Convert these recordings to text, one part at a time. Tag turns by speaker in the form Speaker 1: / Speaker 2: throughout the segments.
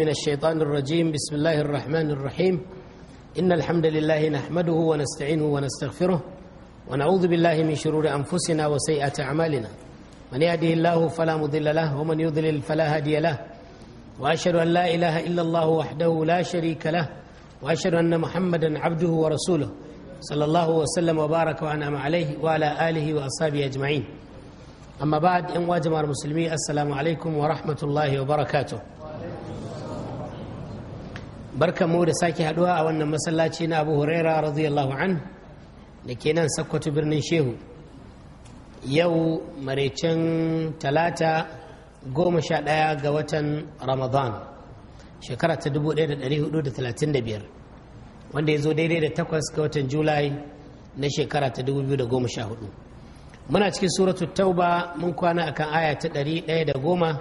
Speaker 1: من الشيطان الرجيم بسم الله الرحمن الرحيم إن الحمد لله نحمده ونستعينه ونستغفره ونعوذ بالله من شرور أنفسنا وسيئة أعمالنا من يهده الله فلا مضل له ومن يضلل فلا هادي له وأشهد أن لا إله إلا الله وحده لا شريك له وأشهد أن محمدا عبده ورسوله صلى الله وسلم وبارك وأنعم عليه وعلى آله وأصحابه أجمعين أما بعد إن واجب المسلمين السلام عليكم ورحمة الله وبركاته barkanmu da sake haduwa a wannan masallaci na abu huraira radiyallahu an da ke nan sakkwato birnin shehu yau maraicen talata goma sha ɗaya ga watan ramadan shekara ta 1435 wanda ya zo daidai da takwas ga watan julai na shekara ta 2014 muna cikin suratu tauba mun kwana akan aya ta 110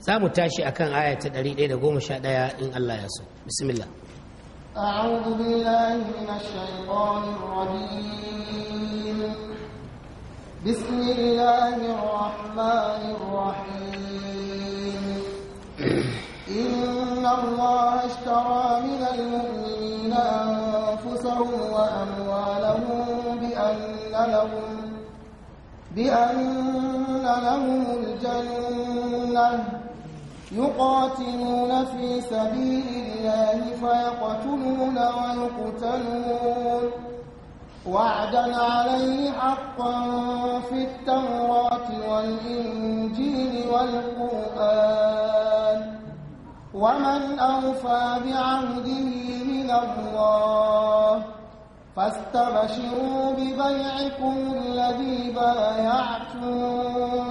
Speaker 1: za mu tashi akan aya ta 111 in allah ya so بسم الله
Speaker 2: أعوذ بالله من الشيطان الرجيم بسم الله الرحمن الرحيم إن الله اشترى من المؤمنين أنفسهم وأموالهم بأن لهم بأن لهم الجنة يقاتلون في سبيل الله فيقتلون ويقتلون وعدا عليه حقا في التوراة والإنجيل والقرآن ومن أوفى بعهده من الله فاستبشروا ببيعكم الذي بايعتم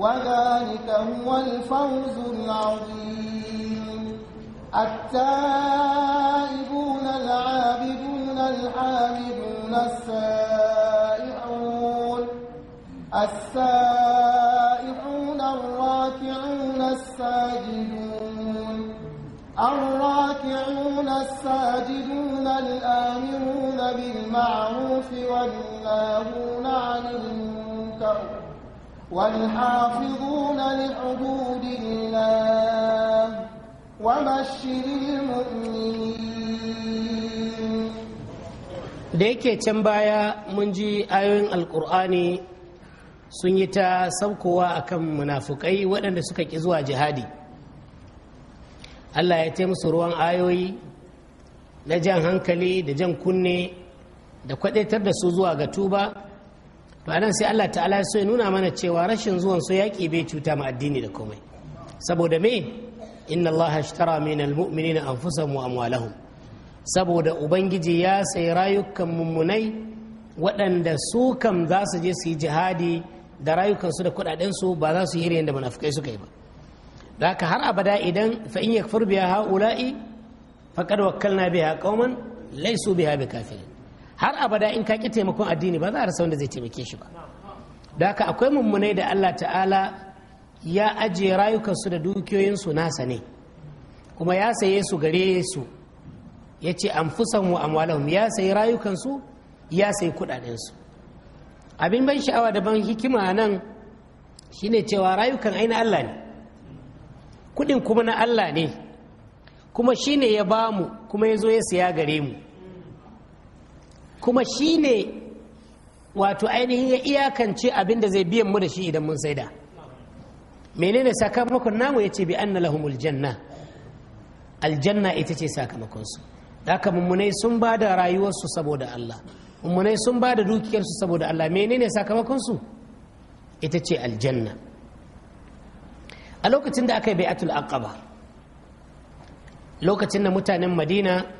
Speaker 2: وذلك هو الفوز العظيم التائبون العابدون الحامدون السائحون السائحون الراكعون الساجدون الراكعون الساجدون الآمرون بالمعروف والناهون عن المنكر والحافظون لحدود الله وبشر المؤمنين
Speaker 1: da yake can baya mun ji ayoyin alkur'ani sun yi ta saukowa kan munafukai waɗanda suka ƙi zuwa jihadi allah ya musu ruwan ayoyi na jan hankali da jan kunne da kwadaitar da su zuwa ga tuba to anan sai Allah ta'ala ya so ya nuna mana cewa rashin zuwan su yaƙi bai cuta ma addini da komai saboda me inna Allah ashtara min almu'minina anfusahum wa amwalahum saboda ubangiji ya sayi rayukan mummunai waɗanda su kam za su je su yi jihadi da rayukansu da kuɗaɗensu ba za su yi irin da munafukai suka yi ba da haka har abada idan fa in yakfur biha haula'i faqad wakkalna biha qauman laysu biha bikafirin har abada in ka ki taimakon addini ba za a rasa wanda zai taimake shi ba da haka akwai mummunai da Allah ta'ala ya ajiye rayukansu da dukiyoyinsu nasa ne kuma ya saye su gare su ya ce amfusan wa amwalahum ya sayi rayukansu ya sayi kudadensu abin ban sha'awa da ban hikima nan shine cewa rayukan aini Allah ne kudin kuma na Allah ne kuma shine ya bamu kuma ya zo ya siya gare mu kuma shi ne wato ainihin ya iyakance abin da zai biyan mu da shi idan mun saida menene sakamakon namu ya ce bi anna lahumul janna aljanna ita ce sakamakonsu haka mummunai sun ba da rayuwarsu saboda Allah mummunai sun ba da dukiyarsu saboda Allah menene sakamakonsu ita ce aljanna a lokacin da aka yi bai'atul aqaba lokacin da mutanen madina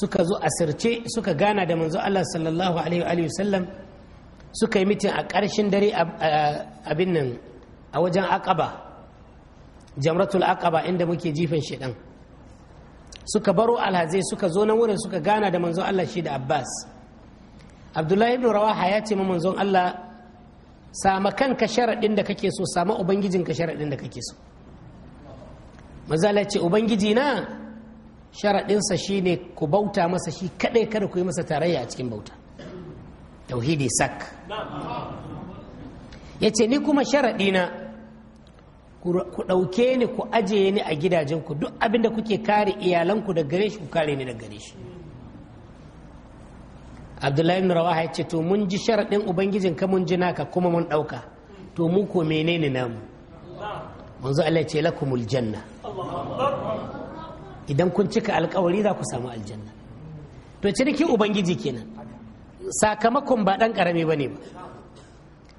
Speaker 1: suka zo a sirce suka gana da manzo Allah sallallahu alaihi wa sallam suka yi mitin a ƙarshen dare abin nan a wajen aqaba jamratul aqaba inda muke jifan shedan suka baro alhazai suka zo nan wurin suka gana da manzo Allah shi da Abbas Abdullahi ibn Rawaha ya ce ma manzon Allah sama kanka sharadin da kake so sama ubangijinka sharadin da kake so maza ce ubangiji na sharaɗinsa shi ne ku bauta masa shi kaɗai kada ku yi masa tarayya a cikin bauta tauhidi sak ya ce ni kuma sharaɗina ku ɗauke ni ku ajiye ni a gidajenku duk abinda kuke kare iyalanku da gare shi ku kare ni da gare shi abdullahi ibn rawaha ya ce to mun ji sharaɗin ubangijin ka mun ji naka kuma mun ɗauka to mu ko menene namu manzo Allah ya ce lakumul janna idan kun cika alkawari za ku samu aljanna to ciniki ubangiji kenan sakamakon ba ɗan ƙarami ba ne ba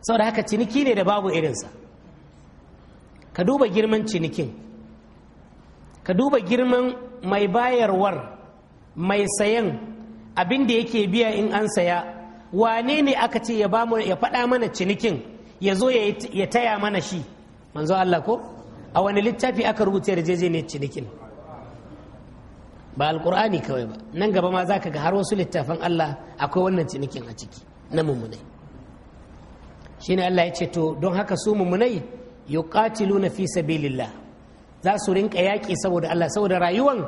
Speaker 1: saboda haka ciniki ne da babu irinsa ka duba girman cinikin ka duba girman mai bayarwar mai sayan abin da yake biya in an saya wane ne aka ce ya faɗa mana cinikin ya zo ya taya mana shi manzo Allah ko a wani littafi aka rubuta yarjejeniyar cinikin ba alkur'ani kawai ba nan gaba ma zaka ga har wasu littafan Allah akwai wannan cinikin a ciki na mummunai shine Allah ya ce to don haka su mummunai yuqatiluna fi sabilillah za su rinka yaƙi saboda Allah saboda rayuwan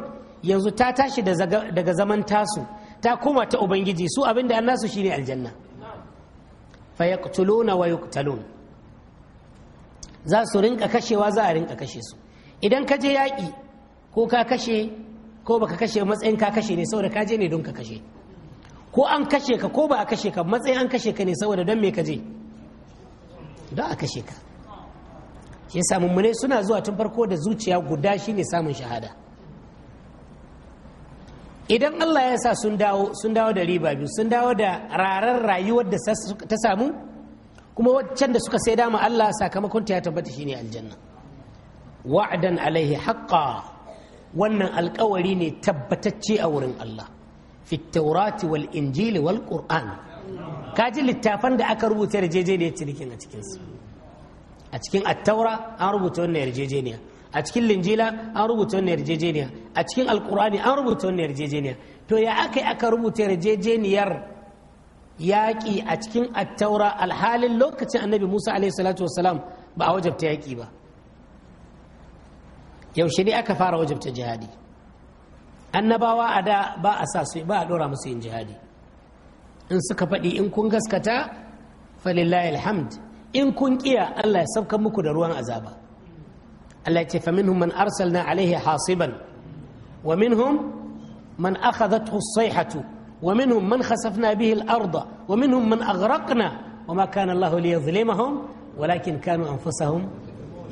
Speaker 1: yanzu ta tashi daga zaman tasu ta koma ta ubangiji su abin da annasu shine aljanna fa yaqtuluna wa yuqtalun za su rinka kashewa za a rinka kashe su idan ka je yaƙi ko ka kashe ko baka kashe matsayin ka kashe ne saboda ka je ne don ka kashe ko an kashe ka ko ba a kashe ka matsayin an kashe ka ne saboda don me ka je don a kashe ka shi samun mune suna zuwa tun farko da zuciya guda shi ne samun shahada idan Allah ya sa sun dawo sun dawo da riba biyu sun dawo da rarar rayuwar da ta samu kuma waccan da suka sai dama Allah sakamakon ta ya tabbata shine aljanna wa'dan alaihi haqqan wannan alkawari ne tabbatacce a wurin Allah fi taurati wal injili wal qur'an kaji littafan da aka rubuta yarjejeniyar cinikin a cikinsu a cikin attaura an rubuta wannan yarjejeniya a cikin linjila an rubuta wannan yarjejeniya a cikin alkur'ani an rubuta wannan yarjejeniya to ya aka yi aka rubuta yarjejeniyar yaƙi a cikin attaura alhalin lokacin annabi musa alaihi salatu wasalam ba a wajabta yaƙi ba yaushe ne aka fara wajabta jihadi annabawa a da ba a sa su ba a dora musu yin jihadi in suka faɗi in kun gaskata falillahi alhamd in kun kiya Allah ya sauka muku da ruwan azaba Allah ya ce fa minhum man arsalna alaihi hasiban wa minhum man akhadathu as-sayhatu wa minhum man khasafna bihi al-arda wa minhum man aghraqna wa ma kana Allah liyadhlimahum walakin kanu anfusahum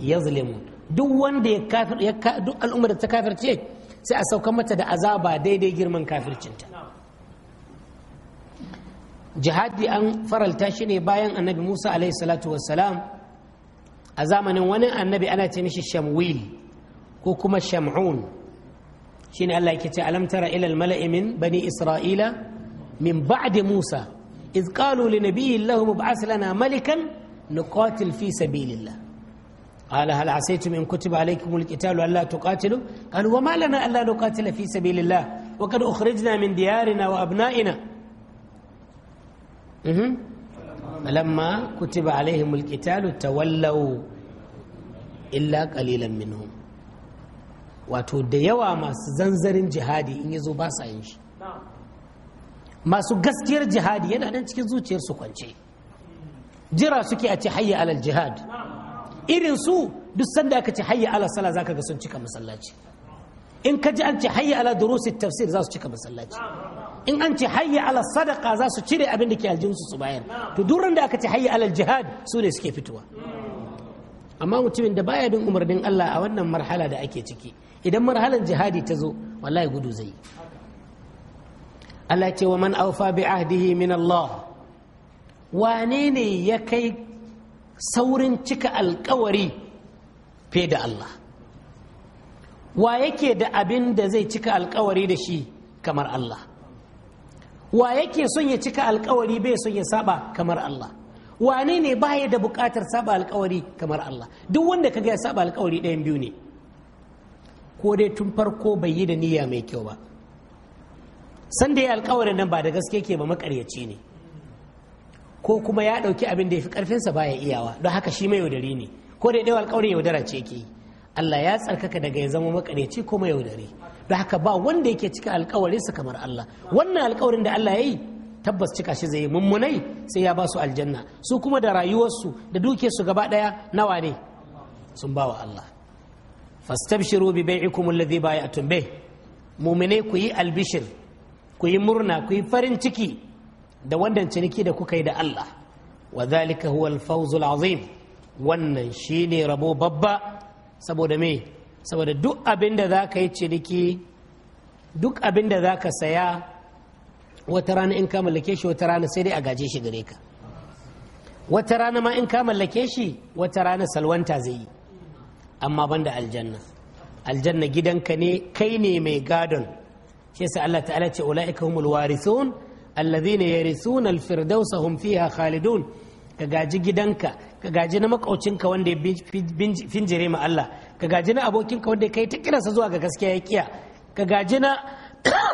Speaker 1: yadhlimun duk wanda ya kafir duk al'ummar da ta kafirce sai a sauka mata da azaba daidai girman kafircinta jihadi an faralta shi ne bayan annabi musa alayhi salatu wassalam a zamanin wani annabi ana ce mishi shamwil ko kuma sham'un Shin allah ke ce alam ilal mala'imin bani isra'ila min ba'di musa iz qalu li nabiyyin lahum ib'as lana malikan nuqatil fi sabilillah قال هل عسيتم إن كتب عليكم القتال ألا تقاتلوا قالوا وما لنا ألا نقاتل في سبيل الله وقد أخرجنا من ديارنا وأبنائنا فلما كتب عليهم القتال تولوا إلا قليلا منهم wato da yawa masu zanzarin jihadi in ya zo ba sa yin shi masu gaskiyar jihadi yana nan cikin zuciyarsu kwance jira suke a ci hayya alal jihad irin su duk sanda aka ce hayya ala sala zaka ga sun cika masallaci in ka ji an ce hayya ala durusi tafsir za su cika masallaci in an ce hayya ala sadaka za su cire abin da ke aljin su bayan to duran da aka ce hayya ala jihad su ne suke fitowa amma mutumin da baya bin umarnin Allah a wannan marhala da ake ciki idan marhalan jihadi ta zo wallahi gudu zai Allah ce wa man aufa bi ahdihi min Allah wane ne ya kai saurin cika alkawari fe da Allah wa yake da abin da zai cika alkawari da shi kamar Allah wa yake son ya cika alkawari bai son ya saba kamar Allah wane ne baya da bukatar saba alkawari kamar Allah duk wanda kaga ya saba alkawari ɗayan biyu ne ko dai tun farko bai yi da niyya mai kyau ba sanda da ya alkawarin nan ba da gaske ke ba makaryaci ne ko kuma ya ɗauki abin da ya fi ƙarfinsa baya iyawa don haka shi mai yaudari ne ko da ɗaya alƙawarin yaudara ce ke Allah ya tsarkaka daga ya zama makareci ko mai yaudari don haka ba wanda yake cika sa kamar Allah wannan alƙawarin da Allah ya yi tabbas cika shi zai yi mummunai sai ya ba su aljanna su kuma da rayuwarsu da dukiyarsu gaba ɗaya nawa ne sun ba wa Allah fastabshiru bi bai'ikum alladhi bai'atum bih mu'minai ku yi albishir ku yi murna ku yi farin ciki da wannan ciniki da kuka yi da Allah wa zalika huwa al-fawzul azim wannan shine rabo babba saboda me saboda duk abinda za ka yi ciniki duk abinda za ka saya wata rana in ka mallake shi wata rana sai dai a gaje shi gare ka wata rana ma in ka mallake shi wata rana salwanta zai yi amma banda aljanna aljanna gidanka ne kai ne mai gadon shi yasa Allah ta'ala ce ulaika humul warithun alladhina yarisuna alfirdausa hum fiha khalidun ka gaji gidanka ka gaji na makaucinka wanda ya finjire ma Allah ka gaji na abokinka wanda kai ta kiransa zuwa ga gaskiya ya kiya ka gaji na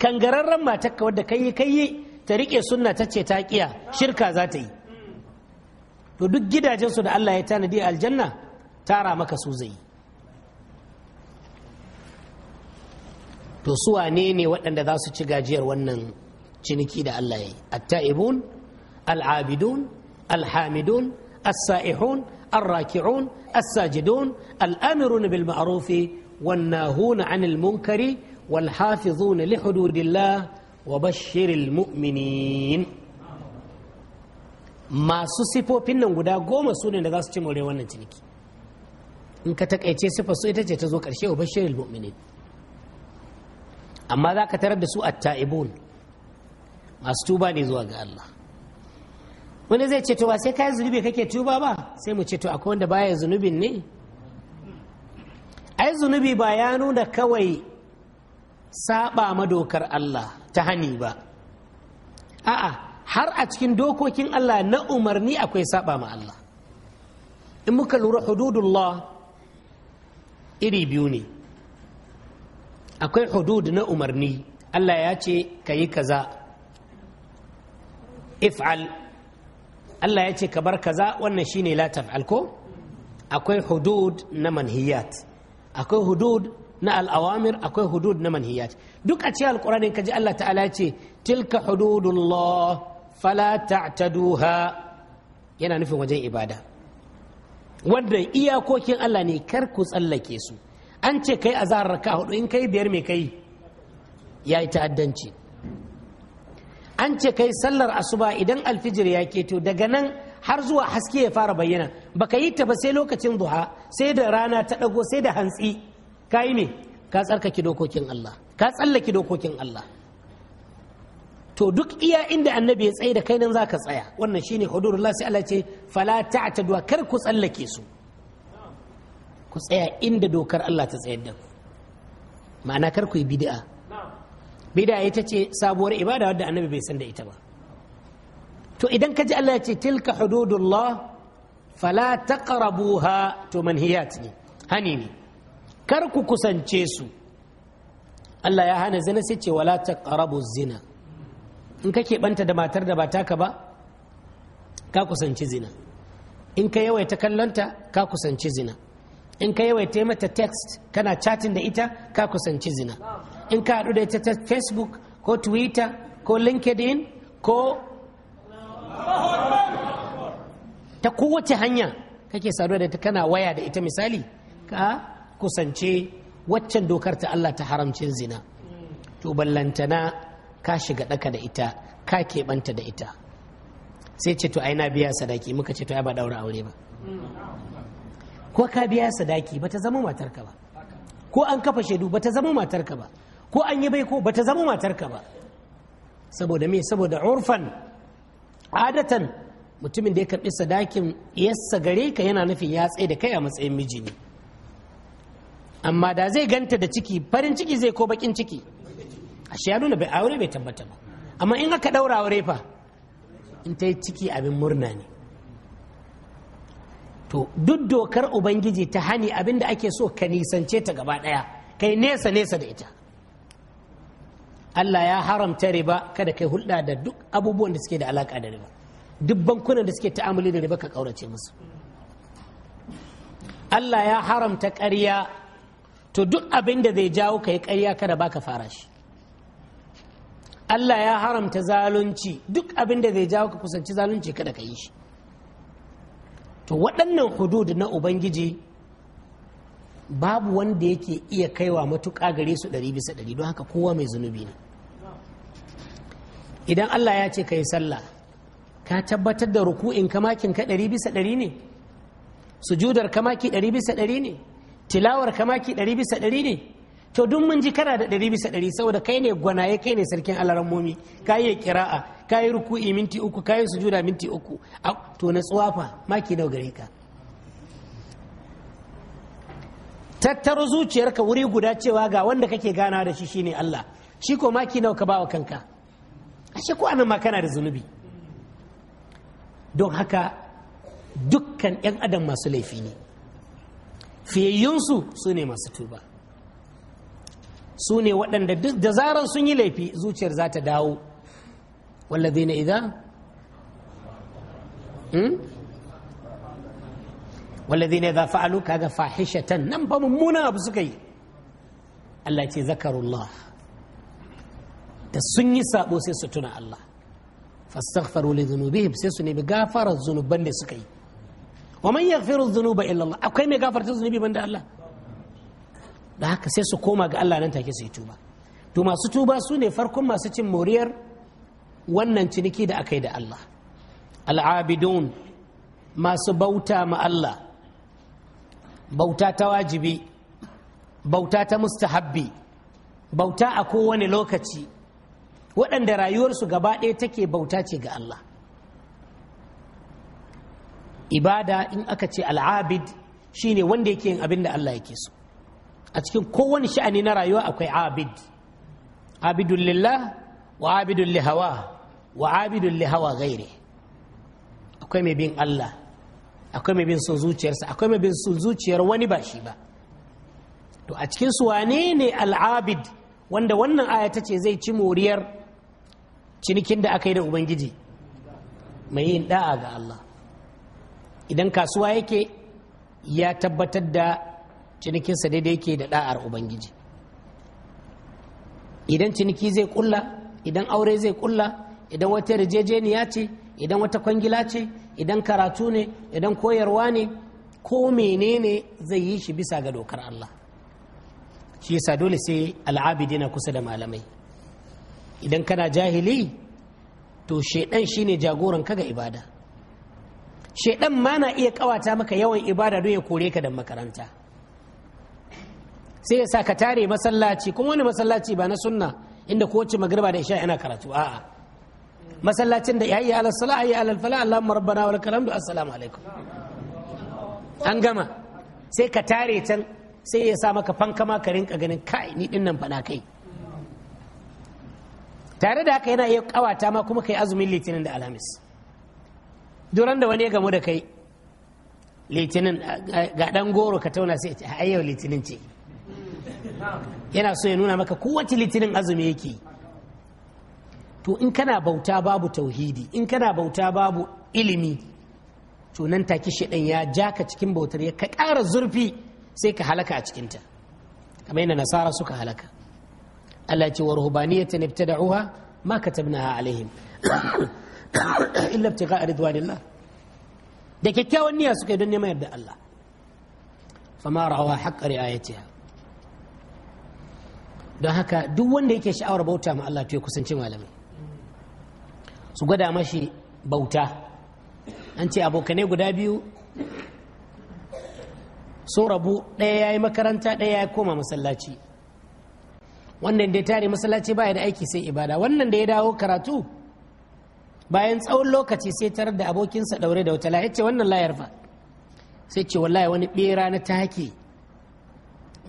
Speaker 1: kangararren matarka wadda kai kai ta rike sunna ta ce ta kiya shirka za ta yi to duk gidajensu da Allah ya tanadi aljanna tara maka su zai to su wane ne waɗanda za su ci gajiyar wannan ciniki da Allah ya yi atta'ibun al'abidun alhamidun as-sa'ihun الراكعون الساجدون الآمرون بالمعروف والناهون Wal المنكر والحافظون لحدود wa bashirin المؤمنين masu sifofin nan guda goma su ne da za su ci more wannan ciniki in ka takaice sifa su ita ce ta zo ƙarshe wa bashirin mu'minin amma za ka tarar da su atta'ibun taibun masu tuba ne zuwa ga Allah wani zai ce to ba sai kayan zunubi kake tuba ba sai mu ce to akwai wanda baya zunubin ne ai zunubi ba ya nuna kawai saba madokar Allah ta hani ba a'a har a cikin dokokin Allah na umarni akwai saba ma Allah in muka lura hududullah iri biyu ne akwai hudud na umarni Allah ya ce ka yi kaza if'al Allah ya ce ka bar kaza wannan shine la taf'al ko akwai hudud na manhiyat akwai hudud na al'awamir akwai hudud na manhiyat duk a ce alƙur'ani ka ji Allah ta'ala ce tilka hududullah fala ta'taduha yana nufin wajen ibada wanda iyakokin Allah ne kar ku tsallake su an ce kai azar raka hudu in kai biyar me kai yayi ta'addanci an ce kai sallar asuba idan alfijir ya keto daga nan har zuwa haske ya fara bayyana baka yi ta ba sai lokacin duha sai da rana ta dago sai da hantsi ka yi me ka tsarkake dokokin Allah ka tsallake dokokin Allah to duk iya inda annabi ya tsaye da kai nan zaka tsaya wannan shine hudurullah sai Allah ce fala ta'tadu kar ku tsallake su ku tsaya inda dokar Allah ta tsayar da ku ma'ana kar ku yi bid'a bid'a ita ce sabuwar ibada wadda annabi bai san da ita ba to idan ka ji Allah ya ce tilka hududullah fala taqrabuha to manhiyat ne hani ne kar ku kusance su Allah ya hana zina sai ce wala taqrabu zina in kake banta da matar da ba taka ba ka kusanci zina in ka yawaita kallonta ka kusanci zina in ka yawaita mata text kana chatting da ita ka kusanci zina in ka haɗu da ita ta facebook ko twitter ko linkedin ko ta kowace hanya kake saduwa da ta kana waya da ita misali ka kusance waccan dokar ta Allah ta haramcin zina to ballantana ka shiga ɗaka da ita ka keɓanta da ita sai ce to aina biya sadaki muka ce to ya ba daura aure ba ko ka biya sadaki ba ta zama matarka ba ko an kafa shaidu ba ta zama matarka ba ko an yi bai ko ba zama matarka ba saboda me saboda urfan adatan mutumin da ya karɓi sadakin yassa gare ka yana nufin ya tsaye da kai a matsayin miji ne amma da zai ganta da ciki farin ciki zai ko bakin ciki ashe ya nuna bai aure bai tabbata ba amma in aka ɗaura aure fa in ta yi ciki abin murna ne to duk dokar ubangiji ta hani abin da ake so ka nisance ta gaba ɗaya kai nesa nesa da ita Allah ya haramta riba kada kai hulɗa da duk abubuwan da suke da alaƙa da riba duk bankunan da suke ta'amuli da riba ka ƙaurace musu Allah ya haramta ƙarya to duk abin da zai jawo ka yi ƙarya kada baka fara shi Allah ya haramta zalunci duk abin da zai jawo ka kusanci zalunci kada ka yi shi to waɗannan hudud na ubangiji babu wanda yake iya kaiwa matuƙa gare su ɗari bisa ɗari don haka kowa mai zunubi ne idan allah ya ce ka yi sallah ka tabbatar da ruku'in kamakin ka ɗari bisa ɗari ne sujudar kamaki ɗari bisa ɗari ne tilawar kamaki ɗari bisa ɗari ne to duk mun ji kana da ɗari bisa ɗari saboda kai ne gwanaye kai ne sarkin momi, ka yi kira'a ka yi ruku'i minti uku ka yi sujuda minti uku to na tsuwafa maki nawa gare ka tattaro zuciyarka wuri guda cewa ga wanda kake gana da shi shine Allah shi ko maki nawa ka bawa kanka ashe ko anan ma kana da zunubi don haka dukkan yan adam masu laifi ne fiyayyunsu su ne masu tuba su ne waɗanda duk da zaran sun yi laifi zuciyar za ta dawo wallazina idan hmm? wallazi ne za fa'alu kaga fahishatan nan ba mummuna abu suka yi Allah ce zakarullah da sun yi sabo sai su tuna Allah fastaghfaru li dhunubihim sai su nemi gafara zunuban da suka yi wa man yaghfiru dhunuba illa Allah akwai mai gafarta zunubi banda Allah da haka sai su koma ga Allah nan take su yi tuba to masu tuba su ne farkon masu cin moriyar wannan ciniki da aka yi da Allah al'abidun masu bauta ma Allah bauta ta wajibi bauta ta mustahabbi bauta a kowane lokaci waɗanda rayuwarsu gaba ɗaya take bauta ce ga Allah ibada in aka ce al'abid shine wanda yake yin abin da Allah yake so a cikin kowane sha'ani na rayuwa akwai abid abidun lillah wa abidun lihawa wa abidun lihawa gaire akwai mai bin Allah akwai mai bin son zuciyarsa akwai mai bin son zuciyar wani ba shi ba to a cikin su wane ne al'abid wanda wannan aya ta ce zai ci moriyar cinikin da aka yi da ubangiji mai yin da'a ga Allah idan kasuwa yake ya tabbatar da cinikinsa daidai yake da da'ar ubangiji idan ciniki zai kulla idan aure zai kulla idan wata yarjejeniya ce idan wata kwangila ce idan karatu ne idan koyarwa ne ko menene zai yi shi bisa ga dokar Allah shi yasa dole sai al'abidi na kusa da malamai idan kana jahili to shaidan shine jagoran ka ga ibada shaidan ma na iya kawata maka yawan ibada don ya kore ka da makaranta sai ya sa ka tare masallaci kuma wani masallaci ba na sunna inda kowace magriba da isha yana karatu a'a masallacin da yayi ala salah ya ala fala allahumma rabbana lakal kalamdu assalamu alaikum an gama sai ka tare can sai ya sa maka fankama ka rinka ganin kai ni dinnan fada kai tare da haka yana iya kawata ma kuma kai azumin litinin da alhamis duran da wani ya gamu da kai litinin ga dan goro ka tauna sai a yau litinin ce yana so ya nuna maka kowace litinin azumi yake yi. to in kana bauta babu tauhidi in kana bauta babu ilimi to nan take shaɗan ya ja ka cikin bautar ya ka ƙara zurfi sai ka halaka a cikinta kamar yadda nasara suka halaka Allah ce wa da ibtada'uha ma katabnaha alaihim illa ibtigha'a ridwanillah da kyakkyawan niyya suka yi don neman yarda Allah fama rawa haƙƙa ri'ayatiha don haka duk wanda yake sha'awar bauta ma Allah to ya kusanci malamai su gwada mashi bauta an ce abokanai guda biyu sun rabu ɗaya ya yi makaranta ɗaya ya koma masallaci wannan da ya tare masallaci baya da aiki sai ibada wannan da ya dawo karatu bayan tsawon lokaci sai tarar da abokinsa ɗaure da wata ce wannan layar fa sai ce wallahi wani ɓera na take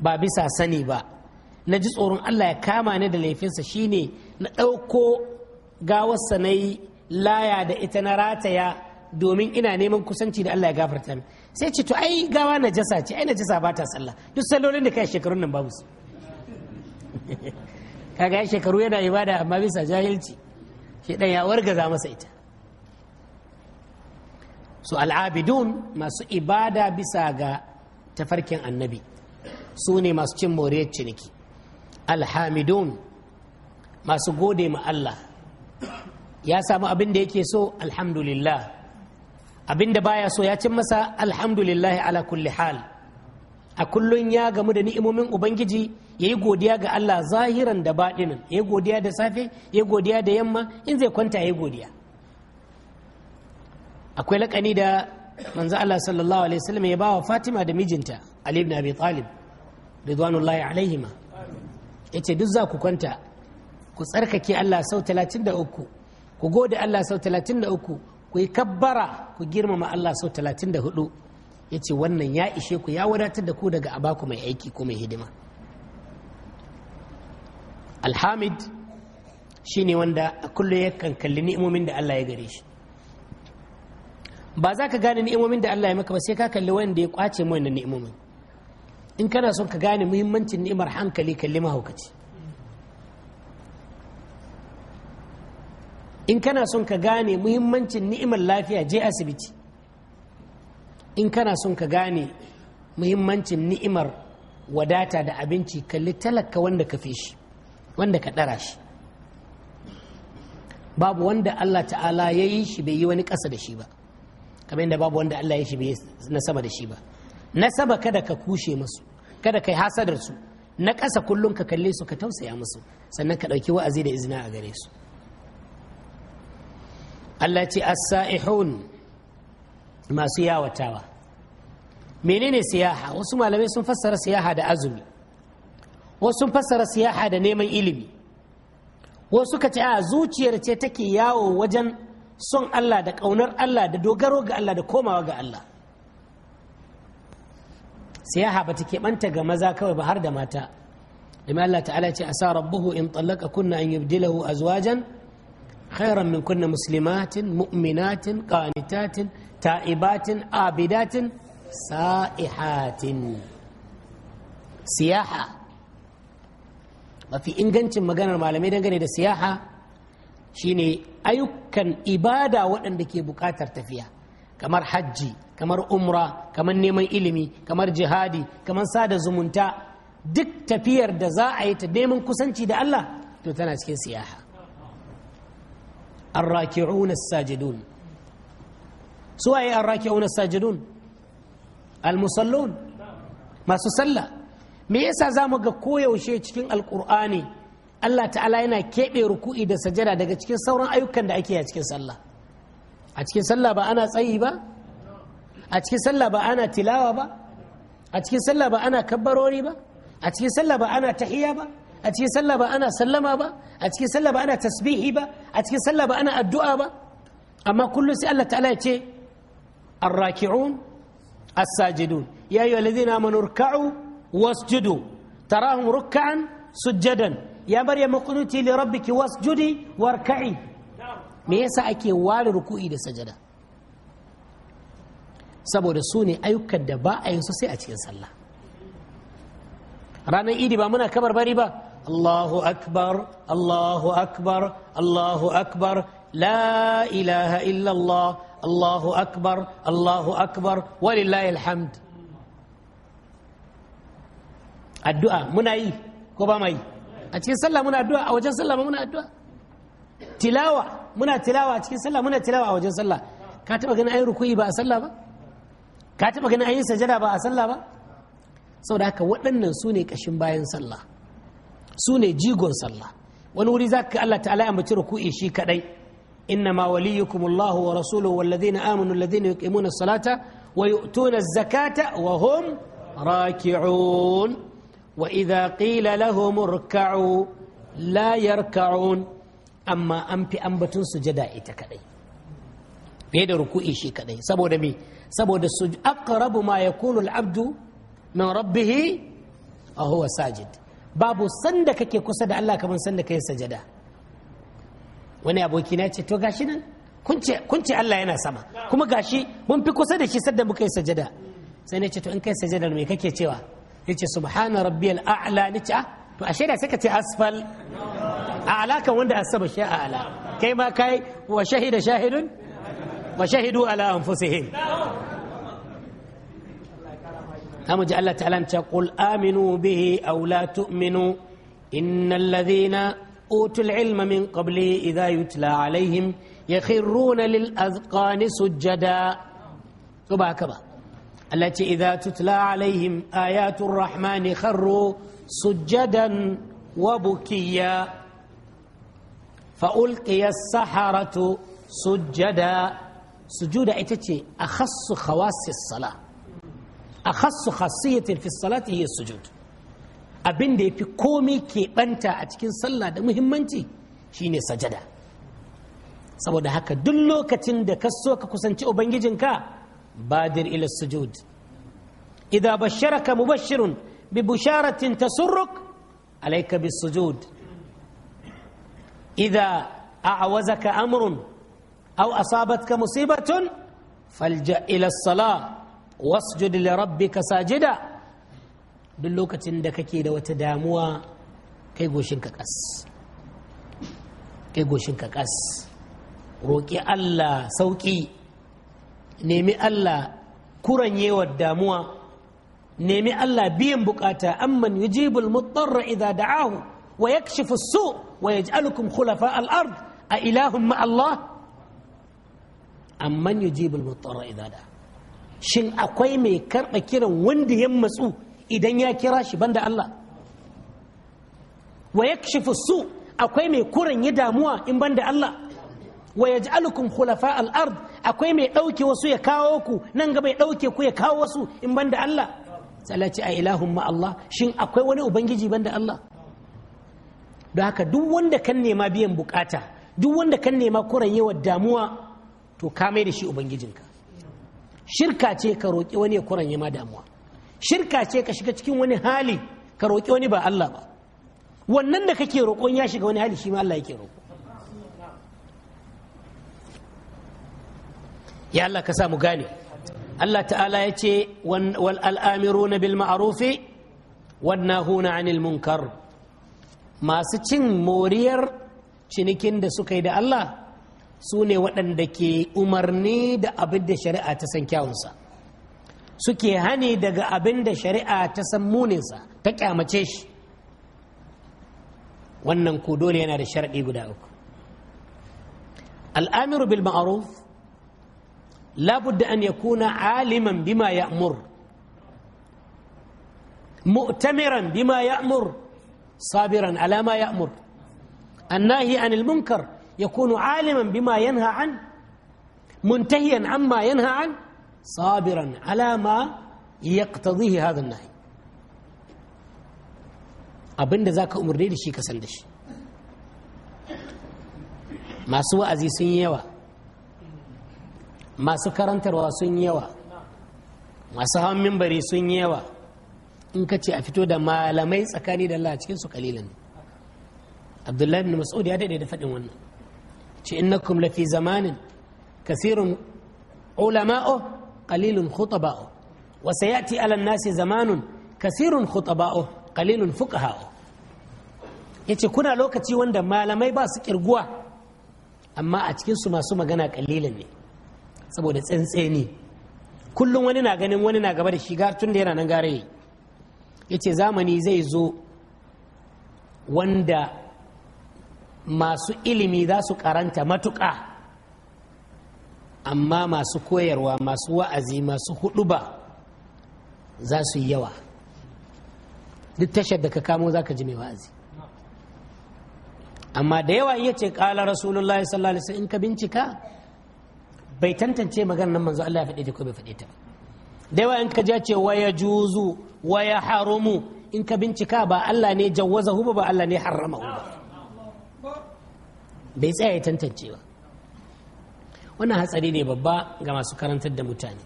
Speaker 1: ba bisa sani ba na ji tsoron allah ya kama ni da laifinsa shine na ɗauko gawarsa na laya da ita na rataya domin ina neman kusanci da Allah ya gafarta min sai ce to ai gawa najasa ce ai najasa ba ta sallah duk sallolin da kai shekarun nan babu su kaga ya shekaru yana ibada amma bisa jahilci shi dan ya wargaza masa ita su al'abidun masu ibada bisa ga tafarkin annabi su ne masu cin moriyar ciniki alhamidun masu gode ma Allah ya samu abin da yake so alhamdulillah abin da baya so ya cin masa alhamdulillah ala kulli hal a kullun ya gamu da ni'imomin ubangiji ya yi godiya ga Allah zahiran da baɗinin ya yi godiya da safe ya yi godiya da yamma in zai kwanta ya yi godiya akwai laƙani da manzo Allah sallallahu alaihi wasallam ya bawa Fatima da mijinta Ali ibn Abi Talib ridwanullahi alaihima yace duk za ku kwanta ku tsarkake Allah sau 33 ku gode Allah sau 33 ku yi kabbara ku girmama Allah sau 34 ce wannan ya ishe ku ya wadatar da ku daga abaku mai aiki ko mai hidima alhamid shi ne wanda a kullum yakan kalli ni'imomin da Allah ya gare shi ba za ka gane ni'imomin da Allah ya maka ba sai ka kalli wanda ya kwace mu na ni'imomin in kana son ka gane muhimmancin ni'imar hankali kalli mahaukaci in kana son ka gane muhimmancin ni'imar lafiya je asibiti in kana son ka gane muhimmancin ni'imar wadata da abinci kalli talaka wanda ka fi shi wanda ka ɗara shi babu wanda Allah ta'ala ya yi shi bai yi wani ƙasa da shi ba kamar yadda babu wanda Allah ya yi shi bai na sama da shi ba na sama kada ka kushe musu kada ka yi hasadar su na ƙasa kullum ka kalle su ka tausaya musu sannan ka ɗauki wa'azi da izina a gare su Allah ce as-sa'ihun masu yawatawa menene siyaha wasu malamai sun fassara siyaha da azumi wasu sun fassara siyaha da neman ilimi wasu ka ce a zuciyar ce take yawo wajen son Allah da ƙaunar Allah da dogaro ga Allah da komawa ga Allah siyaha ba ta keɓanta ga maza kawai ba har da mata domin Allah ta'ala ce a sa rabbuhu in tallaka kunna an yubdilahu azwajan خيرا من كن مسلمات مؤمنات قانتات تائبات عابدات سائحات سياحة وفي إنجنت مجانا المعلمين دنجني دا سياحة شيني أيكن إبادة وأن بكي بكاتر تفيها كمر حجي كمار أمرا كمر نيمي إلمي كمار جهادي كمر سادة زمونتا دك تفير دا زائت نيمن كسنتي دا الله تتنا سياحة arraki'una sajidun su waye arraki'una sajidun almusallun masu sallah me yasa zamu ga koyaushe cikin Alƙur'ani Allah ta'ala yana keɓe ruku'i da sajada daga cikin sauran ayyukan da ake yi a cikin sallah a cikin sallah ba ana tsayi ba a cikin sallah ba ana tilawa ba a cikin sallah ba ana kabbarori ba a cikin sallah ba ana tahiya ba a cikin sallah ba ana sallama ba a cikin sallah ba ana tasbihi ba a cikin sallah ba ana addu'a ba amma kullum sai Allah ta'ala ya ce arraki'un as-sajidun ya ayyuhal ladzina amanu ruk'u wasjudu tarahum ruk'an sujjadan ya barya qunuti li rabbiki wasjudi warka'i me yasa ake ware ruku'i da sajada saboda su ne ayyukan da ba a yin su sai a cikin sallah ranar idi ba muna kamar bari ba الله اكبر الله اكبر الله اكبر لا اله الا الله الله اكبر الله اكبر ولله الحمد الدعاء مناي إيه؟ كوبا ماي إيه؟ اتشي صلى منا الدعاء او جن صلى منا الدعاء تلاوه منا تلاوه اتشي صلى منا تلاوه او جن صلى كاتب غن اي ركوي با صلى با كاتب اي سجده با صلى با سو so, da haka waɗannan su ne jigon sallah wani wuri za ka Allah ta'ala ya mace ruku'i shi kadai inna ma waliyukum Allah wa rasuluhu walladhina amanu alladhina yuqimuna salata wa yu'tuna zakata wa hum raki'un wa idha qila lahum irka'u la yarka'un amma an fi ambatun sujada ita kadai fiye da ruku'i shi kadai saboda me saboda aqrabu ma yakunu al-abdu min rabbihi a huwa sajid babu sanda kake kusa da Allah kamar sanda kai sajada wani aboki na ce to gashi nan kun ce Allah yana sama kuma gashi mun fi kusa da shi sanda muka yi sajada sai na ce to in kai sajada me kake cewa ya ce subhana rabbiyal a'la ni ce ah, to ashe da ka ce asfal a'la kan wanda asaba shi a'la kai ma kai wa shahida shahidun wa shahidu ala anfusihim هم جعل تعالى تقول آمنوا به أو لا تؤمنوا إن الذين أوتوا العلم من قبله إذا يتلى عليهم يخرون للأذقان سجدا كبا كبا التي إذا تتلى عليهم آيات الرحمن خروا سجدا وبكيا فألقي السحرة سجدا سجود أتتي أخص خواص الصلاة أخص خاصية في الصلاة هي السجود أبين دي في كومي كي بنتا أتكين صلاة مهمتي شيني سجدة سبو ده هكا دلو كتن ده كسو ككسنتي أبنجيجن كا بادر إلى السجود إذا بشرك مبشر ببشارة تسرك عليك بالسجود إذا أعوزك أمر أو أصابتك مصيبة فالجأ إلى الصلاة wasjud li rabbika sajida duk lokacin da kake da wata damuwa kai goshin ka kas kai goshin ka kas roƙi Allah sauki. nemi Allah kuranyewar damuwa nemi Allah biyan bukata amman yujibul mutarra idza da'ahu wa yakshifu su wa yaj'alukum khulafa al-ard a ilahum ma Allah amman yujibul mutarra idza da'ahu shin akwai mai karɓa kiran wanda ya matsu idan ya kira shi banda Allah wa yakshifu su akwai mai kuran ya damuwa in banda Allah wa yaj'alukum khulafa al'ard akwai mai ɗauke wasu ya kawo ku nan gaba ya ɗauke ku ya kawo wasu in banda Allah salati a ilahun ma Allah shin akwai wani ubangiji banda Allah don haka duk wanda kan nema biyan bukata duk wanda kan nema kuran yawan damuwa to ka mai da shi ubangijinka shirka ce ka roƙi wani ya kuranye ma damuwa shirka ce ka shiga cikin wani hali ka roƙi wani ba Allah ba wannan da kake roƙo ya shiga wani hali shi ma Allah yake roƙo ya Allah ka sa mu gane Allah ta'ala ya ce wal na bil ma'rufi wan nahuna 'anil munkar masu cin moriyar cinikin da suka yi da Allah su ne waɗanda ke umarni da abin da shari'a ta san kyawunsa suke hani daga abin da shari'a ta san muninsa ta kyamace shi wannan ko dole yana da sharaɗi guda uku al'amiru bil ma'ruf labudda an yakuna aliman bima ya'mur mu'tamiran bima ya'mur sabiran alama ya'mur annahi anil munkar يكون عالما بما ينهى عنه منتهيا عما ينهى عنه صابرا على ما يقتضيه هذا النهي abin da za ka umarni da shi ka san da shi masu wa'azi sun yi yawa masu karantarwa sun yi yawa masu hawan mimbari sun yi yawa in ka ce a fito da malamai tsakani da Allah cikin su kalilan abdullahi ibn mas'ud ya daɗe da faɗin wannan ce na lafi zamanin kasirun ulama'u qalilun khutaba'u wa sayati ala nasi zamanun kasirun khutaba'u qalilun fuqaha'u yace kuna lokaci wanda malamai ba su kirguwa amma a cikin su masu magana kalilin ne saboda tsantseni kullum wani na ganin wani na gaba da shiga tun da yana nan gare yace zamani zai zo wanda masu ilimi za su karanta matuƙa amma masu koyarwa masu wa'azi masu huɗuba za su yi yawa duk tashar da ka kamo za ka ji mai wa'azi amma da yawa iya ce ƙala rasulullahi sallallahu alaihi in ka bincika bai tantance maganar manzo Allah ya faɗe ta ko bai faɗe ta da yawa in ka ja ce waya juzu waya harumu in ka bincika ba Allah ne jawwazahu ba ba Allah ne harramahu ba bai tsaya ya tantance ba wannan hatsari ne babba ga masu karantar da mutane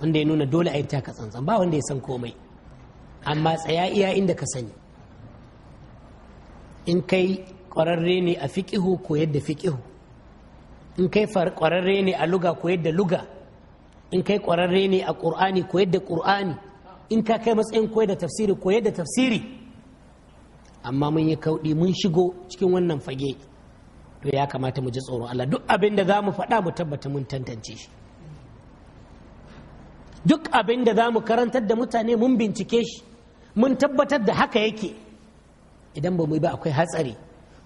Speaker 1: wanda ya nuna dole a yi taka tsantsan ba wanda ya san komai amma tsaya iya inda ka sani in kai kwararre ne a fiƙihu ko yadda fiƙihu in kai kwararre ne a luga ko yadda luga in kai kwararre ne a ƙur'ani ko yadda ƙur'ani in ka kai matsayin koyar da tafsiri ko yadda tafsiri amma mun yi kauɗi mun shigo cikin wannan fage to ya kamata mu ji tsoron Allah duk abin da za mu faɗa mu tabbata mun tantance shi duk abin da za mu karantar da mutane mun bincike shi mun tabbatar da haka yake idan ba mu yi ba akwai hatsari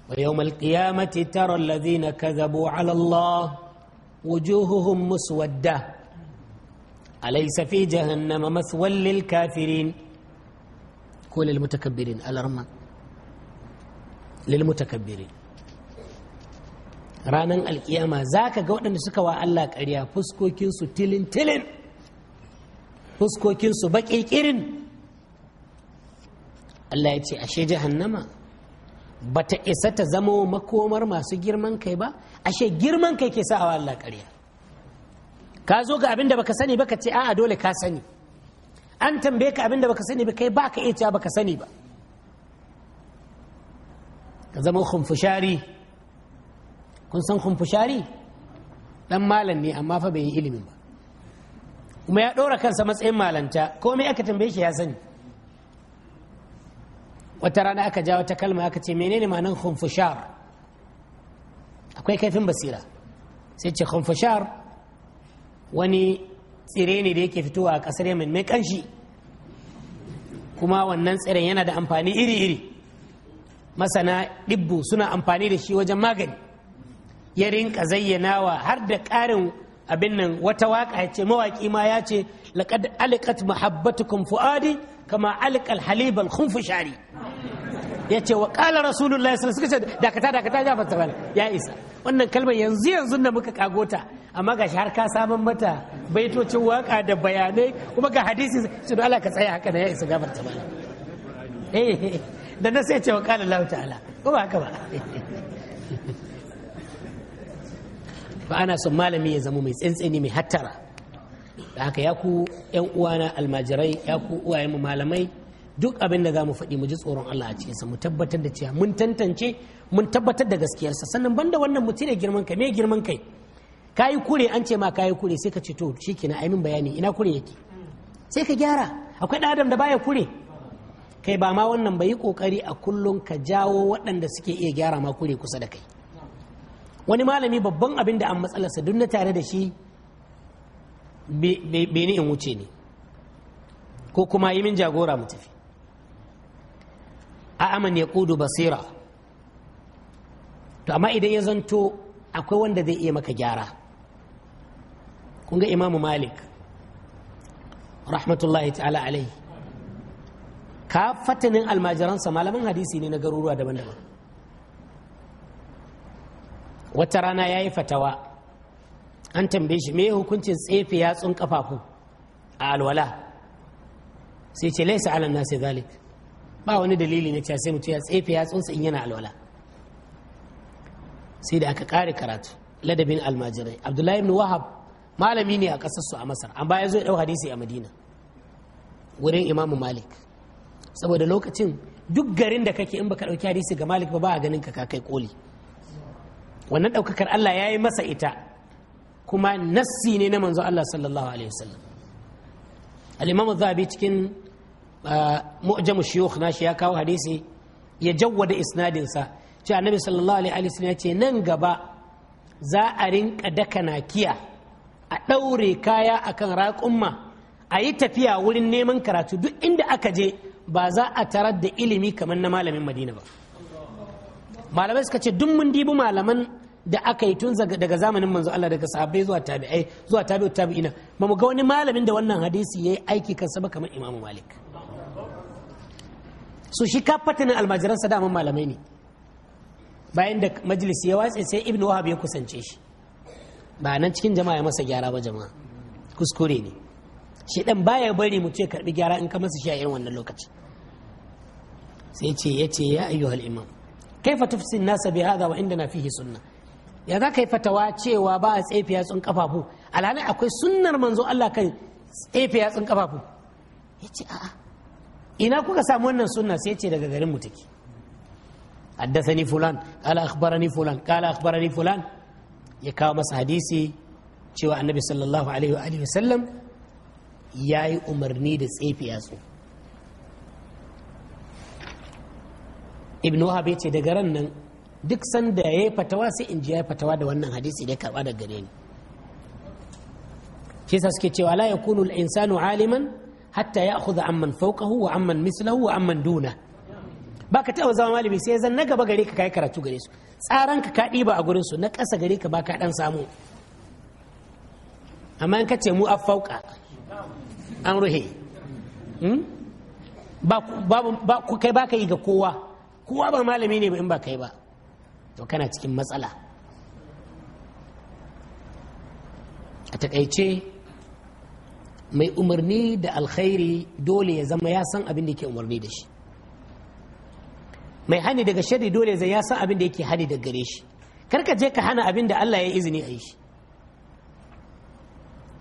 Speaker 1: wa yawmal qiyamati tara allazina kazabu ala Allah wujuhuhum muswadda alaysa fi jahannama maswal kafirin ko lil mutakabbirin alarma lil mutakabbirin ranar alkiyama za ka ga waɗanda suka wa Allah ƙarya fuskokinsu tilin-tilin fuskokinsu baƙiƙirin Allah ya ce ashe jahannama ba ta isa ta zama makomar masu girman kai ba ashe girman kai ke sa wa Allah ƙarya ka zo ga abin da baka sani ba ka ce a'a dole ka sani an tambaye ka abin da baka sani ba kai ba ka iya cewa baka sani ba ka zama khumfushari kun san kumfushari dan malam ne amma fa bai yi ilimin ba kuma ya ɗora kansa matsayin malanta komai aka tambaye shi ya sani wata rana aka ja wata kalma aka ce menene ma'anar khunfushar akwai kaifin basira sai ce khunfushar wani tsire ne da yake fitowa a ƙasar yamin mai kanshi kuma wannan tsiren yana da amfani iri-iri masana ɗibbu suna amfani da shi wajen magani ya rinka zayyanawa har da ƙarin abin nan wata waka ya ce mawaki ma ya ce laqad alikat mahabbatukum fuadi kama alikal halibal khunfushari ya ce wa ƙala rasulullahi sallallahu alaihi wasallam dakata dakata ya fata ya isa wannan kalmar yanzu yanzu da muka kagota amma ga shi har ka saman mata baitocin waka da bayanai kuma ga hadisi su da Allah ka tsaya haka na ya isa gabar ta bala eh, da na sai ce wa ƙala Allah ta'ala ko ba haka ba ba ana son malami ya zama mai tsantseni mai hattara da haka ya ku yan uwana almajirai ya ku uwayen mu malamai duk abin da za mu faɗi mu ji tsoron Allah a cikinsa mu tabbatar da cewa mun tantance mun tabbatar da gaskiyarsa sannan banda wannan mu cire girman kai me girman kai kayi kure an ce ma kayi kure sai ka ce to shikenan ai min bayani ina kure yake sai ka gyara akwai ɗan adam da baya kure kai ba ma wannan bai yi kokari a kullun ka jawo waɗanda suke iya gyara ma kure kusa da kai wani malami babban abin da an matsalarsa duk na tare da shi ni in wuce ne ko kuma yi min jagora mu tafi a aman ya kudu basira to amma idan ya zanto akwai wanda zai iya maka gyara kun ga imamu malik rahmatullahi ta'ala alai ka fatanin almajiransa malaman hadisi ne na garuruwa daban-daban wata rana ya yi fatawa an tambaye shi me hukuncin tsefe yatsun kafafu a alwala sai ce laisa na sai zalik ba wani dalili na cewa sai mutum ya tsefe yatsunsa in yana alwala sai da aka kare karatu ladabin almajirai abdullahi ibn wahab malami ne a kasarsu a masar a ya zo dau hadisi a madina wurin imamu malik saboda lokacin duk garin da kake in baka ɗauki hadisi ga malik ba ba a ganin ka kai koli wannan ɗaukakar Allah ya yi masa ita kuma nassi ne na manzo Allah sallallahu alaihi wasallam al-imam zabi cikin uh, mu'jamu shuyukh nashi ya kawo hadisi ya jawwada isnadin sa ce annabi sallallahu alaihi wasallam ya ce nan gaba za a rinka daka nakiya a ɗaure kaya akan raƙumma a yi tafiya wurin neman karatu duk inda aka je ba za a tarar da ilimi kamar na malamin madina ba malamai suka ce duk mun dibi malaman da aka yi tun daga zamanin manzo Allah daga sahabbai zuwa tabi'ai zuwa tabi'u tabi'ina ba mu ga wani malamin da wannan hadisi yayi aiki kan ba kamar Imam Malik su shi ka almajiran sa daman malamai ne bayan da majalisi ya watse sai Ibn Wahab ya kusance shi ba nan cikin jama'a ya masa gyara ba jama'a kuskure ne shi dan baya bari mu ce karbi gyara in ka masa shi a irin wannan lokaci sai ce yace ya ayyuhal imam kaifa tufsin nasa bi hadha wa indana fihi sunna ya za ka yi fatawa cewa ba a tsefe yatsun kafafu alhali akwai sunnar manzo Allah kan tsefe yatsun kafafu ya ce a'a ina kuka samu wannan sunna sai ce daga garin mu take حدثني فلان قال أخبرني فلان قال أخبرني فلان يكاو مس حديثي cewa annabi sallallahu alaihi wa sallam ya umarni da tsefe yatsu ibn wahab ce daga ran nan duk sanda ya yi fatawa sai in ji ya yi fatawa da wannan hadisi da ya karba daga gare ni shi sa suke cewa la yakunu al-insanu aliman hatta ya'khudha amman fawqahu wa amman mislahu wa amman duna baka taɓa zama malami sai zan na gaba gare ka kai karatu gare su tsaran ka ka ɗiba a gurin su na kasa gare ka baka dan samu amma in ka ce mu affauka an ruhe hmm? ba kai baka yi ga kowa kowa ba malami ne ba in ba kai ba to kana cikin matsala a takaice mai umarni da alkhairi dole ya zama ya san abin da yake umarni da shi mai hani daga shari dole zai ya san abin da yake hani da gare shi karka je ka hana abin da Allah ya izini a yi shi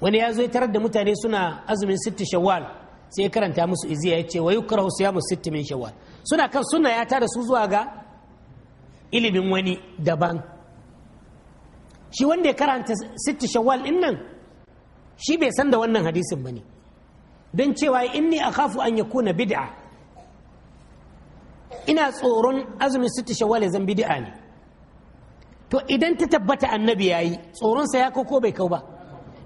Speaker 1: wani ya zo ya tarar da mutane suna azumin sitti shawwal sai ya karanta musu iziya ya ce wa yukrahu siyamu sitti min shawwal suna kan suna ya tara su zuwa ga ilimin wani daban shi wanda ya karanta sitti shawwal din nan shi bai san da wannan hadisin ba ne don cewa inni kafu an kuna bid'a ina tsoron azumin sitti shawwal ya zan bid'a ne to idan ta tabbata annabi ya yayi tsoronsa ya ko bai kau ba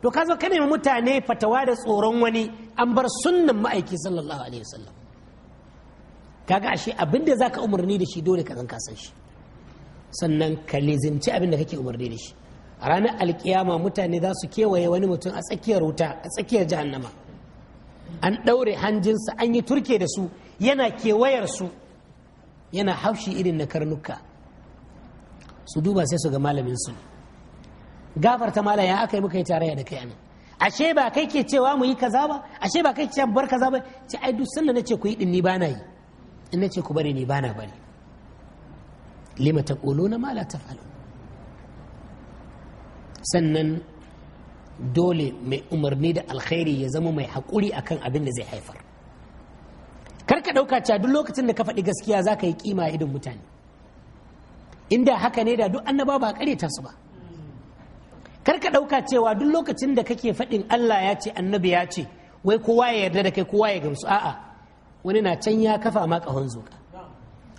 Speaker 1: to ka zo ka nemi mutane fatawa da tsoron wani an bar sunnan ma'aiki sallallahu alaihi wasallam Ka ga ashe abin da zaka umarni da shi dole ka zan kasan shi sannan ka lezinci abin da kake umarni da shi a ranar alkiyama mutane za su kewaye wani mutum a tsakiyar wuta a tsakiyar jahannama an ɗaure hanjinsa an yi turke da su yana kewayar su yana haushi irin na karnuka su duba sai su ga malamin su gafarta malam ya aka yi muka yi tarayya da kai ashe ba kai ke cewa mu yi kaza ba ashe ba kai ke bar kaza ba ce ai duk na ce ku yi din ni ba na yi in ce ku bari ne ba na bari lima ta na ma la sannan dole mai umarni da alkhairi ya zama mai haƙuri akan abin da zai haifar kar ka ɗauka cewa duk lokacin da ka faɗi gaskiya za ka yi kima a idon mutane inda haka ne da duk annaba ba ƙare ta su ba kar ka ɗauka cewa duk lokacin da kake faɗin Allah ya ce annabi ya ce wai kowa ya yarda da kai kowa ya gamsu a'a wani na can ya kafa ma ƙahon zuƙa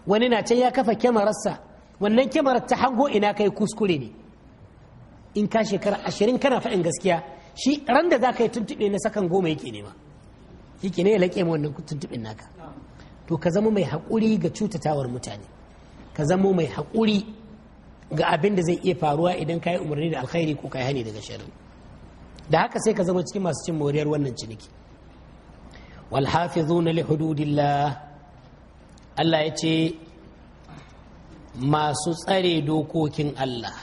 Speaker 1: wani na can ya kafa kyamararsa wannan kyamarar ta hango ina kai kuskure ne in ka shekara ashirin kana faɗin gaskiya shi ran da za ka yi tuntuɓe na sakan goma yake nema yake ne ya laƙe ma wannan tuntuɓin naka to ka zama mai haƙuri ga cutatawar mutane ka zama mai haƙuri ga abin da zai iya faruwa idan ka yi umarni da alkhairi ko ka yi hani daga sharri da haka sai ka zama cikin masu cin moriyar wannan ciniki walhafizuna li hududillah Allah ya ce masu tsare dokokin Allah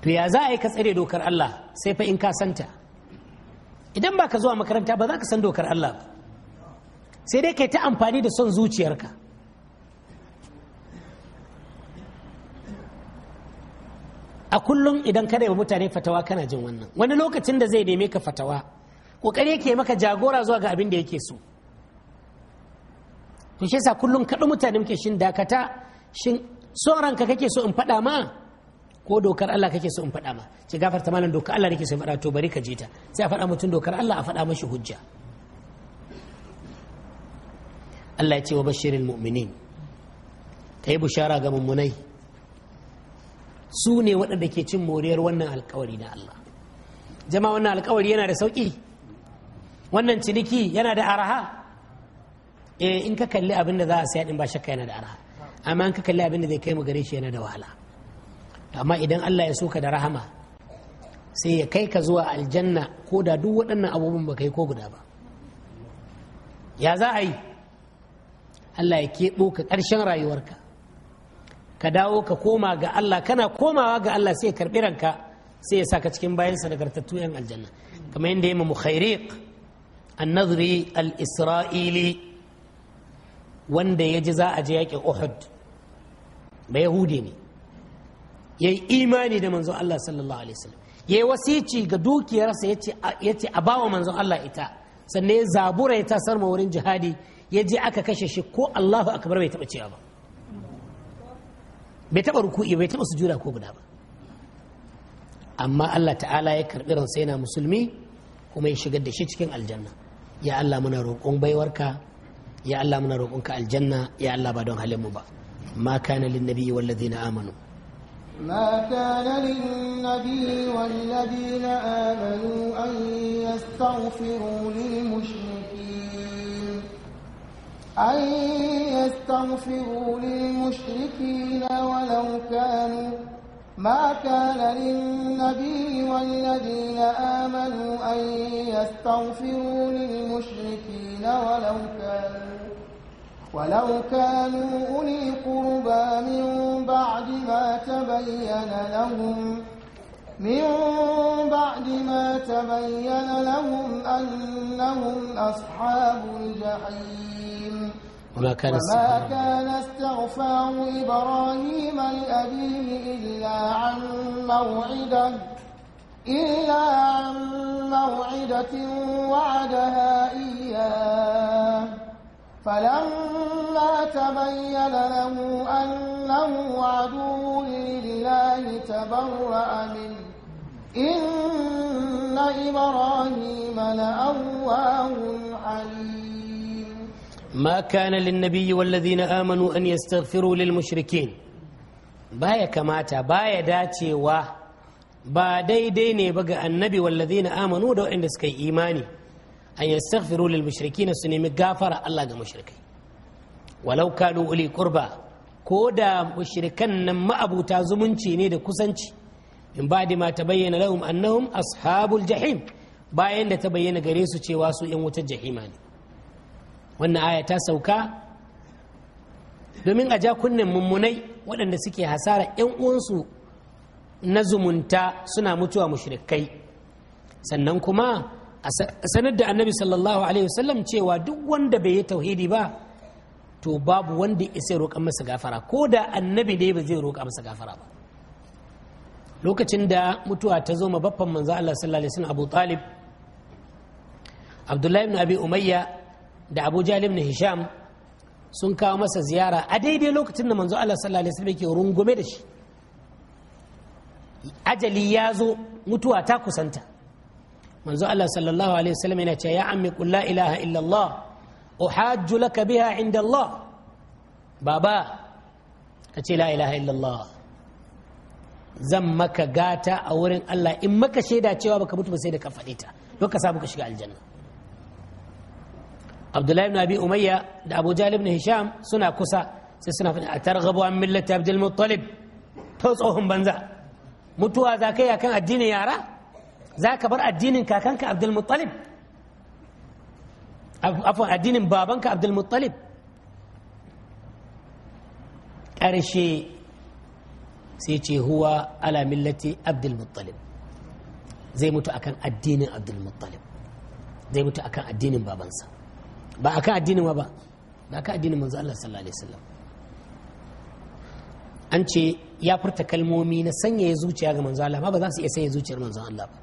Speaker 1: to ya za a yi ka tsare dokar Allah sai fa in ka santa idan ba ka zuwa makaranta ba za ka san dokar Allah ba sai dai kai ta amfani da son zuciyarka a kullum idan kada yi mutane fatawa kana jin wannan wani lokacin da zai neme ka fatawa kokari yake maka jagora zuwa ga abin da yake so to shi yasa kullum kaɗu mutane muke shin dakata shin son ranka kake so in faɗa ma ko dokar Allah kake so in faɗa ma ki gafarta malam dokar Allah nake so in faɗa to bari ka je ta sai a faɗa mutum dokar Allah a faɗa mashi hujja Allah ya ce wa bashirin mu'minin ka yi bushara ga mummunai su ne waɗanda ke cin moriyar wannan alkawari na Allah jama'a wannan alkawari yana da sauƙi wannan ciniki yana da araha eh, in ka kalli abin da za a saya din ba shakka yana da araha amma in ka kalli abin da zai kai mu gare shi yana da wahala amma idan Allah ya so ka da rahama sai ya kai ka zuwa aljanna ko da duk waɗannan abubuwan ba kai ko guda ba ya za a yi Allah ya keɓo ka ƙarshen rayuwarka ka dawo ka koma ga Allah kana komawa ga Allah sai ya karɓi ranka sai ya sa ka cikin bayansa nagartattu 'yan aljanna kamar yadda ya mu khairiq annadri al-isra'ili wanda ya ji za a je yaƙin uhud ba yahude ne ya yi imani da manzon Allah sallallahu alaihi wasallam ya yi wasici ga dukiyarsa ya ce a bawa manzon Allah ita sannan ya zabura ya tasar ma wurin jihadi ya je aka kashe shi ko Allahu akbar bai taɓa cewa ba bai taɓa ruku'i bai taɓa sujuda ko guda ba amma Allah ta'ala ya karɓi ransa yana musulmi kuma ya shigar da shi cikin aljanna ya Allah muna roƙon baiwarka ya Allah muna roƙonka aljanna ya Allah ba don halin mu ba ma kana lin nabiyyi wal ladina amanu
Speaker 2: ما كان للنبي والذين آمنوا أن يستغفروا للمشركين أن يستغفروا للمشركين ولو كانوا ما كان للنبي والذين آمنوا أن يستغفروا للمشركين ولو كانوا ولو كانوا أولي قربى من بعد ما تبين لهم من بعد ما تبين لهم أنهم أصحاب الجحيم وما كان استغفار إبراهيم لأبيه إلا عن موعدة
Speaker 1: إلا عن
Speaker 2: موعدة وعدها إياه فلما تبين له أنه عدو لله تبرأ منه إن إبراهيم لأواه عليم
Speaker 1: ما كان للنبي والذين آمنوا أن يستغفروا للمشركين baya kamata baya dacewa ba daidai ne ba ga annabi wallazina amanu da waɗanda suka yi imani an yastaghfiru lil mushrikina su nemi gafara Allah ga mushrikai walau kanu uli qurba ko da mushrikan nan ma'abuta zumunci ne da kusanci in ba ma ta bayyana lahum annahum ashabul jahim bayan da ta bayyana gare su cewa su yan wutar jahima wannan aya ta sauka domin a ja kunnen mummunai waɗanda suke hasara 'yan uwansu na zumunta suna mutuwa mushrikai sannan kuma a sanar da annabi sallallahu alaihi wasallam cewa duk wanda bai yi tauhidi ba to babu wanda isa roƙa masa gafara ko da annabi ne ba zai roƙa masa gafara ba lokacin da mutuwa ta zo ma baffan manzo Allah sallallahu alaihi wasallam Abu Talib Abdullahi ibn Abi Umayya da abu jalib na hisham sun kawo masa ziyara a daidai lokacin da manzo Allah sallallahu alaihi wasallam yake rungume da shi ajali ya zo mutuwa ta kusanta manzo Allah sallallahu alaihi wasallam yana cewa ya ammi qul la ilaha illa Allah uhajju laka biha inda Allah baba ka ce la ilaha illa Allah zan maka gata a wurin Allah in maka shaida cewa baka mutu ba sai da ka faɗe ta don ka samu ka shiga aljanna عبد الله بن ابي اميه ابو جهل بن هشام سنا كسا سنا ترغب عن مله عبد المطلب توصوهم بنزا متوا ذاك يا كان الدين يا را ذاك بر الدين كا عبد المطلب عفوا الدين بابنك عبد المطلب ارشي سيتي هو على ملة عبد المطلب زي متو أكن الدين عبد المطلب زي متو أكن الدين بابنسا ba akan addinin ba ba akan addinin manzo Allah sallallahu alaihi wasallam an ce ya furta kalmomi na sanyaya zuciya ga manzo Allah ba za su iya sanya zuciyar manzo Allah ba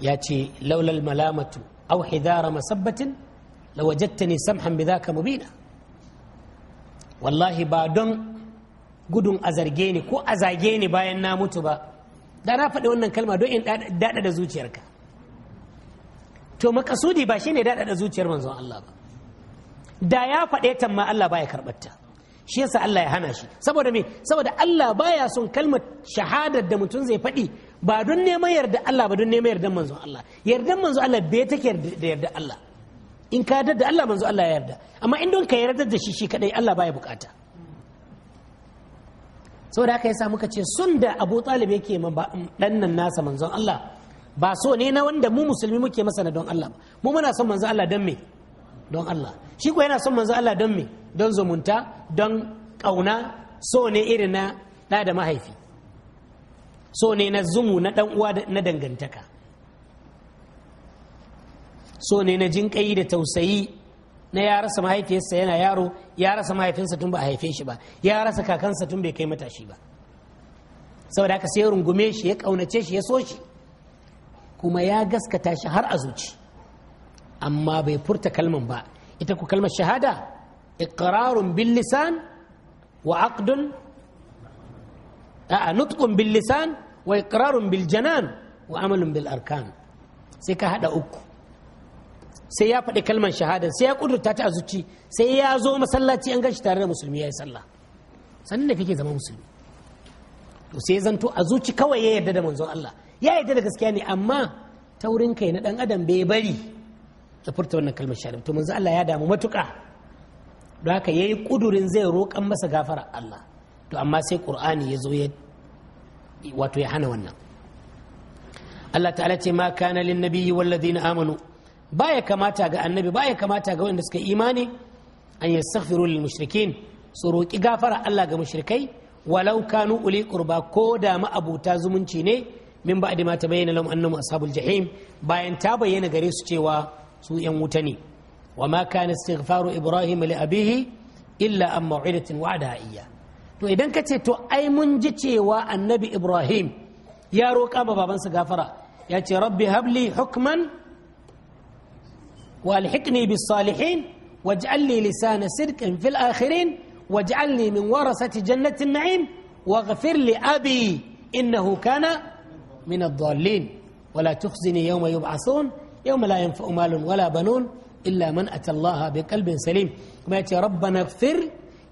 Speaker 1: ya ce laulal malamatu aw hidara masabbatin lawajadtani samhan bidhaka mubina wallahi ba don gudun a zarge ni ko a zage ni bayan na mutu ba da na faɗi wannan kalma don in daɗa da zuciyarka to makasudi ba shine daɗaɗa zuciyar manzon Allah ba da ya faɗe ta ma Allah baya karɓarta shi yasa Allah ya hana shi saboda me saboda Allah baya son kalmar shahadar da mutum zai faɗi ba don neman yarda Allah ba don neman yardan manzon Allah yardan manzon Allah bai take da yarda Allah in ka yarda da Allah manzon Allah ya yarda amma in don ka yarda da shi shi kadai Allah baya bukata saboda haka yasa muka ce sun da Abu Talib yake ma dan nan nasa manzon Allah ba so ne na wanda mu musulmi muke masa na don Allah mu muna son manzo Allah don me don Allah shi ko yana son manzo Allah don me don zumunta don kauna so ne irin na da da mahaifi so ne na zumu na dan uwa na dangantaka so ne na jinƙai da tausayi na ya rasa mahaifiyarsa yana yaro ya rasa mahaifinsa tun ba a haife shi ba ya rasa kakansa tun bai kai matashi ba saboda haka sai rungume shi ya kaunace shi ya so shi kuma ya gaskata shi har a zuci amma bai furta kalman ba ita ku kalmar shahada iqrarun bil lisan wa aqdun a nutqun bil lisan wa iqrarun bil janan wa amalun bil arkan sai ka hada uku sai ya faɗi kalmar shahada sai ya kudurta ta a zuci sai ya zo masallaci an gashi tare da musulmi yayi sallah sannan da kake zama musulmi to sai zanto a zuci kawai ya yarda da manzon Allah ya yi da gaskiya ne amma taurin kai na dan adam bai bari da furta wannan kalmar to manzo Allah ya damu matuka. don haka yayi kudurin zai roƙan masa gafara Allah to amma sai Qur'ani ya zo ya wato ya hana wannan Allah ta'ala ce ma kana lin nabiyyi wal ladina amanu ya kamata ga annabi baya kamata ga wanda suka imani an yastaghfiru lil mushrikin su roƙi gafara Allah ga mushrikai walau kanu uli qurba ko da ma abuta zumunci ne من بعد ما تبين لهم انهم اصحاب الجحيم باين تاب ين غريس سوء يموتني وما كان استغفار ابراهيم لابيه الا ان موعده وعدها اياه تو اذا كتي تو اي من جي ابراهيم يا روك أبا بابا سغفرا يا ربي هب لي حكما والحقني بالصالحين واجعل لي لسان صدق في الاخرين واجعلني من ورثه جنه النعيم واغفر لي أبي انه كان من الضالين ولا تخزني يوم يبعثون يوم لا ينفع مال ولا بنون إلا من أتى الله بقلب سليم كما يأتي ربنا اغفر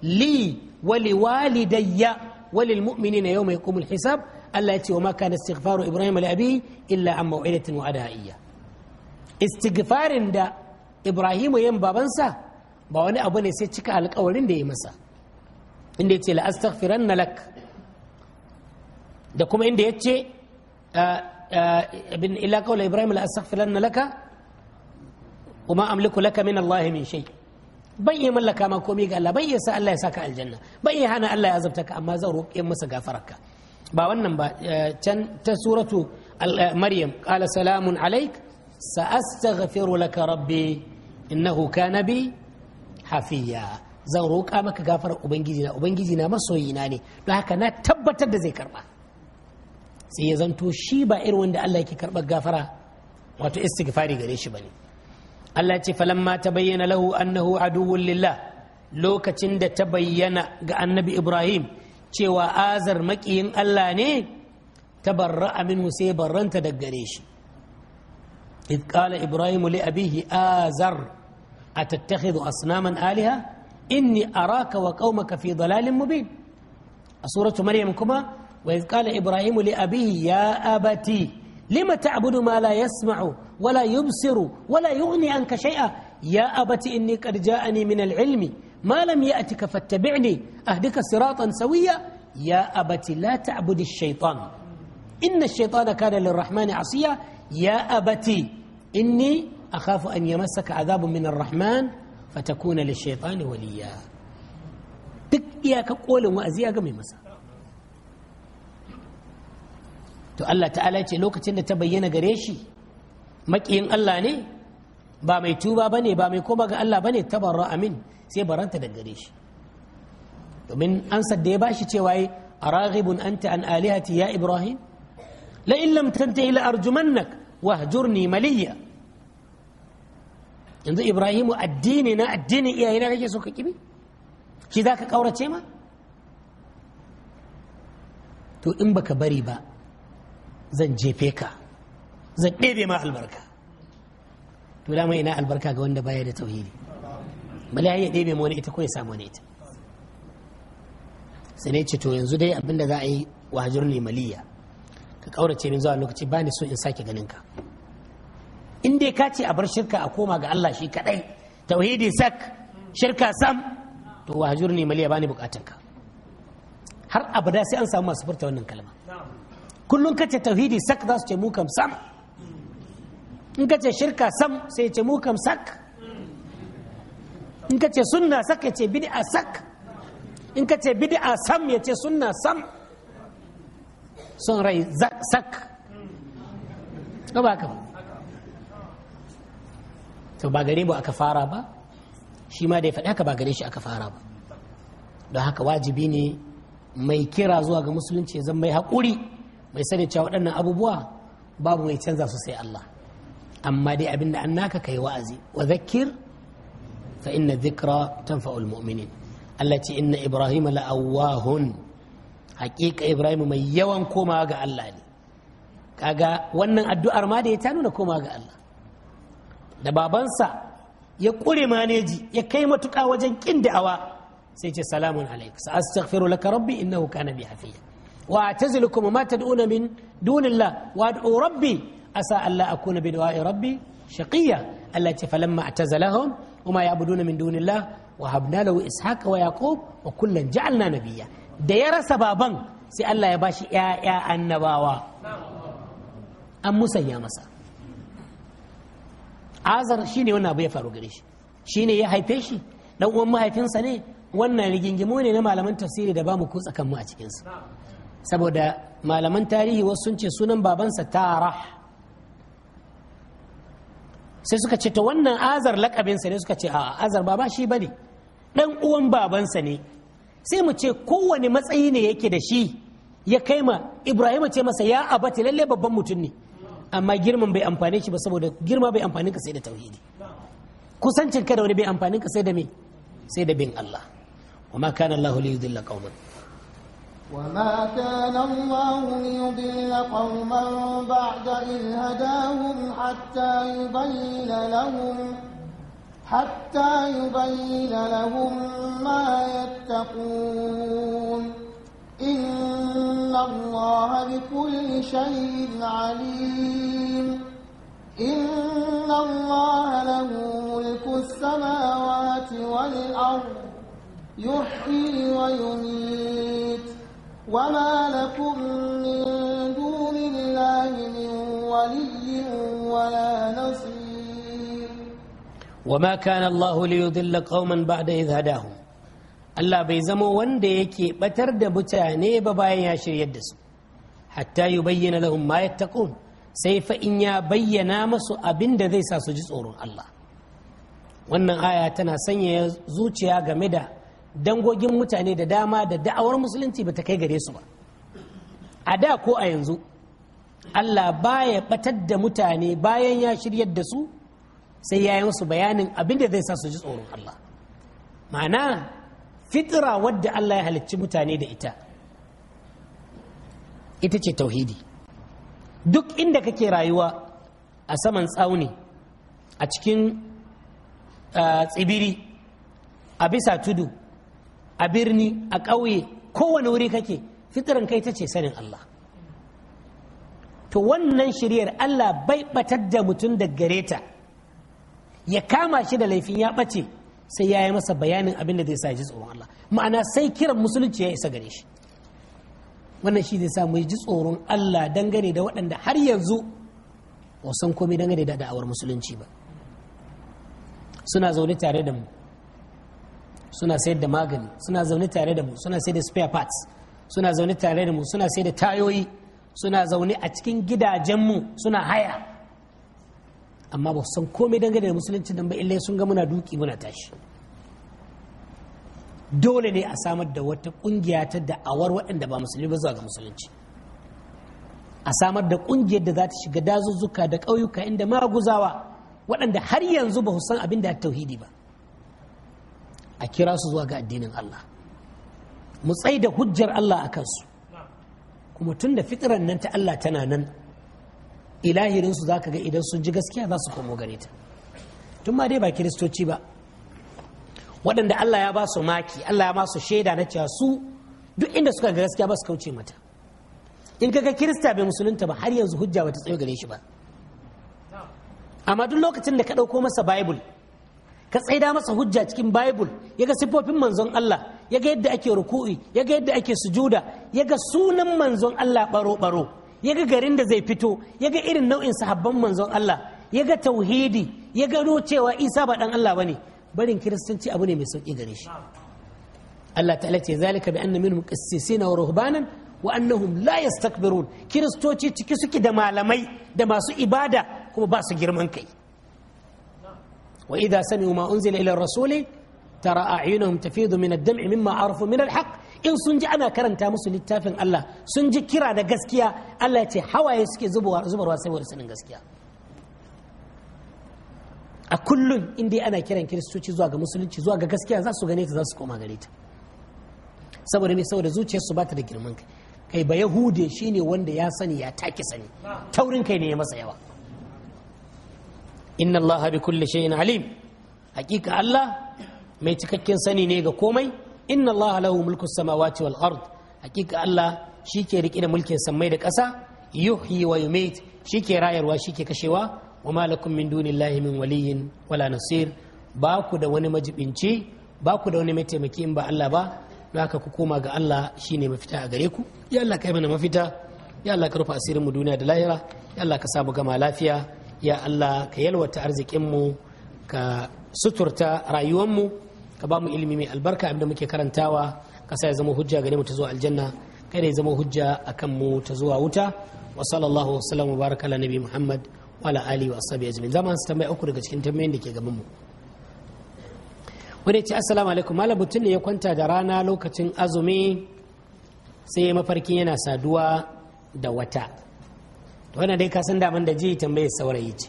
Speaker 1: لي ولوالدي وللمؤمنين يوم يقوم الحساب ألا يأتي وما كان استغفار إبراهيم لأبيه إلا عن موعدة وعدائية استغفار دا إبراهيم يم بابنسا بواني أبني سيتشك على الأولين دي مسا إن دي لا أستغفرن لك da kuma inda ya ce abin ila ibrahim la astaghfiranna laka وما أملك لك من الله من ban iya mallaka komai ga Allah ban iya sa Allah ya saka aljanna ban iya hana Allah ya azabta ka amma zan roƙe masa gafararka ba wannan ba can ta suratu maryam qala salamun alaik sa'astaghfiru laka rabbi innahu kana bi hafiya zan roƙa maka gafarar ubangiji na ubangiji na ne da haka na tabbatar da zai karba sai ya zanto shi ba irin wanda Allah yake karɓar gafara wato istighfari gare shi bane Allah ce falamma ta bayyana lahu annahu aduwwun lillah lokacin da ta bayyana ga annabi Ibrahim cewa azar maƙiyin Allah ne ta barra Aminu sai barranta da gare shi إذ قال إبراهيم لأبيه آزر أتتخذ أصناما آلهة إني أراك وقومك في ضلال مبين سورة مريم كما وإذ قال إبراهيم لأبيه يا أبتي لم تعبد ما لا يسمع ولا يبصر ولا يغني عنك شيئا يا أبت إني قد جاءني من العلم ما لم يأتك فاتبعني أهدك صراطا سويا يا أبت لا تعبد الشيطان إن الشيطان كان للرحمن عصيا يا أبت إني أخاف أن يمسك عذاب من الرحمن فتكون للشيطان وليا تك يا كقول وأزياك قمي مسأ to Allah ta'ala ce lokacin da ta bayyana gare shi maƙiyin Allah ne ba mai tuba ba ne ba mai koma ga Allah ba ne tabarra amin sai baranta da gare shi domin an da ya bashi cewa yi a raghibun anta an alihati ya ibrahim la in lam tantahi la arjumannak wahjurni maliya yanzu ibrahimu addini na addinin iyayena kake so ka kibi shi za ka ƙaurace ma to in baka bari ba zan jefe ka zan ɗebe ma albarka to dama ina albarka ga wanda baya da tauhidi bala ya ɗebe ma wani ita ko ya samu wani ita sai ce to yanzu dai abinda za a yi wajir limaliya ka kaurace min zuwa lokaci ba ni so in sake ganin ka in dai ka ce a bar shirka a koma ga Allah shi kadai tauhidi sak shirka sam to wajir limaliya ba ni bukatar ka har abada sai an samu masu furta wannan kalma kullum kace tauhidi sak za su ce mu kam sam in ka ce shirka sam sai ce mu kam sak in ka ce sunna sak ya ce bid'a sak in ka ce bid'a sam ya ce sunna sam son rai sak ko ba ka to ba gare mu aka fara ba shi ma da ya faɗi haka ba gare shi aka fara ba don haka wajibi ne mai kira zuwa ga musulunci ya zama mai haƙuri bai sani cewa waɗannan abubuwa babu mai canza su sai Allah amma dai abin da an naka kai wa'azi wa zakir fa inna dhikra tanfa'ul mu'minin Allah ce inna ibrahima la'awahun haƙiƙa ibrahim mai yawan komawa ga Allah ne kaga wannan addu'ar ma da ya ta nuna komawa ga Allah da babansa ya ƙure maneji ya kai matuƙa wajen ƙin da'awa sai ce salamun alaik sa astaghfiru laka rabbi innahu kana bi hafiya wa tazilukum ma tad'una min dunillah wa rabbi asa alla akuna bi du'a rabbi shaqiya Allah ce falamma atazalahum wama ya'buduna min dunillah wa habna lahu ishaqa wa yaqub wa kullan ja'alna nabiyya da ya rasa baban sai Allah ya bashi ƴaƴa annabawa an musanya masa azar shine wannan abu ya faru gare shi shine ya haife shi dan uwan mahaifinsa ne wannan rigingimu ne na malaman tafsiri da bamu kutsa kanmu a cikinsu saboda malaman tarihi wasu sun ce sunan babansa tara sai suka ce ta wannan azar lakabinsa ne suka ce a azar baba shi ba ne ɗan uwan babansa ne sai mu ce kowane matsayi ne yake da shi ya kai ma ibrahim ce masa ya abati lalle babban mutum ne amma girman bai amfane shi ba saboda girma bai amfani ka sai da tauhidi kusancin ka da wani bai amfani ka sai da me sai da bin allah wa ma kana allah li yudilla qauman
Speaker 2: وما كان الله ليضل قوما بعد إذ هداهم حتى يبين لهم حتى يبين لهم ما يتقون إن الله بكل شيء عليم إن الله له ملك السماوات والأرض يحيي ويميت وما لكم من دون الله من ولي ولا نصير
Speaker 1: وما كان الله ليضل قوما بعد إذ هداهم Allah bai zama wanda yake batar da mutane ba bayan ya shiryar da su hatta yi bayyana lahum ma yattaqun sai fa ya bayyana masu abin da zai sa su ji tsoron Allah wannan aya tana sanya zuciya game da dangogin mutane da dama da da'awar musulunci ba ta kai gare su ba a da ko a yanzu allah baya batar da mutane bayan ya shiryar da su sai ya yi musu bayanin abin da zai sa su ji tsoron allah ma'ana fitira wadda allah ya halicci mutane da ita ita ce tauhidi duk inda kake rayuwa a saman tsauni a cikin ah, tsibiri a bisa tudu a birni a ƙauye kowane wuri kake fitar kai ta ce sanin Allah to wannan shiryar Allah bai batar da mutum da gare ta ya kama shi da laifin ya ɓace sai ya yi masa bayanin abin da zai sa ji tsoron Allah ma'ana sai kiran musulunci ya isa gare shi wannan shi zai sa mu ji tsoron Allah dangane da waɗanda har yanzu ba san komai dangane da da'awar musulunci ba suna zaune tare da mu suna sayar da magani suna zaune tare da mu suna sayar da spare parts suna zaune tare da mu suna sayar da tayoyi suna zaune a cikin gidajenmu suna haya amma ba san komai dangane da musulunci dan ba illai sun ga muna duki muna tashi dole ne a samar da wata kungiya ta da'awar waɗanda ba musulmi ba zuwa ga musulunci a samar da kungiyar da za ta shiga dazuzzuka da ƙauyuka inda maguzawa waɗanda har yanzu ba san abin da tauhidi ba a kira su zuwa ga addinin Allah mu tsai da hujjar Allah a kansu kuma tun da fitiran nan ta Allah tana nan ilahirinsu za ka ga idan sun ji gaskiya za su komo gare ta tun ma dai ba kiristoci ba waɗanda Allah ya ba su maki Allah ya ba su shaida na cewa su duk inda suka ga gaskiya ba su kauce mata in ka ga kirista bai musulunta ba har yanzu hujja bata tsayo gare shi ba amma duk lokacin da ka ɗauko masa bible ka tsaida masa hujja cikin bible yaga siffofin manzon Allah yaga yadda ake ruku'i yaga yadda ake sujuda yaga sunan manzon Allah baro baro ga garin da zai fito yaga irin nau'in sahabban manzon Allah yaga tauhidi ya gano cewa Isa ba dan Allah bane barin kiristanci abu ne mai sauki gare shi Allah ta'ala ce zalika bi anna minhum qissisina wa ruhbanan wa annahum la yastakbirun kiristoci ciki suke da malamai da masu ibada kuma ba su girman kai وإذا سمعوا ما أنزل إلى الرسول ترى أعينهم تفيض من الدمع مما عرفوا من الحق in sun ji ana karanta musu littafin Allah sun ji kira da gaskiya Allah ce hawaye suke zubarwa saboda sanin gaskiya a kullum inda ana kiran kiristoci zuwa ga musulunci zuwa ga gaskiya za su gane ta za su koma gare ta saboda me saboda zuciyarsu ba ta da girman kai kai ba yahude shine wanda ya sani ya take sani taurin kai ne ya masa yawa inna Allah bi kulli shay'in alim hakika Allah mai cikakken sani ne ga komai inna Allah lahu mulku samawati wal ard hakika Allah shi ke rike da mulkin sammai da ƙasa yuhyi wa yumit shi ke rayarwa shi ke kashewa wa malakum min dunillahi min waliyin wala nasir ba ku da wani majibinci ba ku da wani mataimaki ba Allah ba don haka ku koma ga Allah shine mafita a gare ku ya Allah kai mana mafita ya Allah ka rufe asirin mu duniya da lahira ya Allah ka samu gama lafiya ya Allah ka yalwata arzikinmu ka suturta rayuwanmu ka ba mu ilimi mai albarka abinda muke karantawa ka sa ya zama hujja gare mu ta zuwa aljanna kai da ya zama hujja akan mu ta zuwa wuta wa sallallahu wa sallam wa baraka ala nabi muhammad wa ala alihi wa ashabihi ajma'in zama su tambaya uku daga cikin tambayoyin da ke gaban Wani ce assalamu alaikum malam mutum ne ya kwanta da rana lokacin azumi sai ya mafarkin yana saduwa da wata wanda dai ka san daman da ji tambayar saurayi ce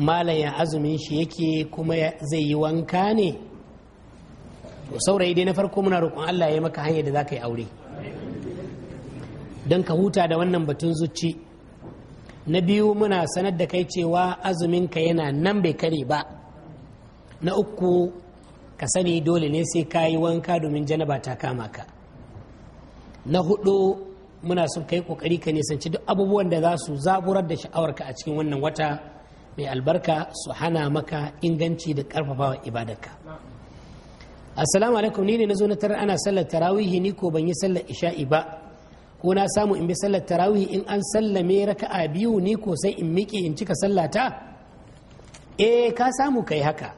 Speaker 1: malam ya azumin shi yake kuma zai yi wanka ne to saurayi dai na farko muna roƙon Allah ya maka hanyar da za ka yi aure don ka huta da wannan batun zuci na biyu muna sanar da kai cewa azuminka yana nan bai kare ba na uku ka sani dole ne sai ka yi wanka domin janaba ta kama ka na hudu muna son kai kokari ka nisanci duk abubuwan da za su zaburar da sha'awarka a cikin wannan wata mai albarka su hana maka inganci da karfafawa ibadarka assalamu alaikum ni ne na zo na tarar ana sallar tarawihi ni ko ban yi sallar isha'i ba ko na samu in bi sallar tarawihi in an sallame raka'a biyu ni ko sai in miƙe in cika sallata eh ka samu kai haka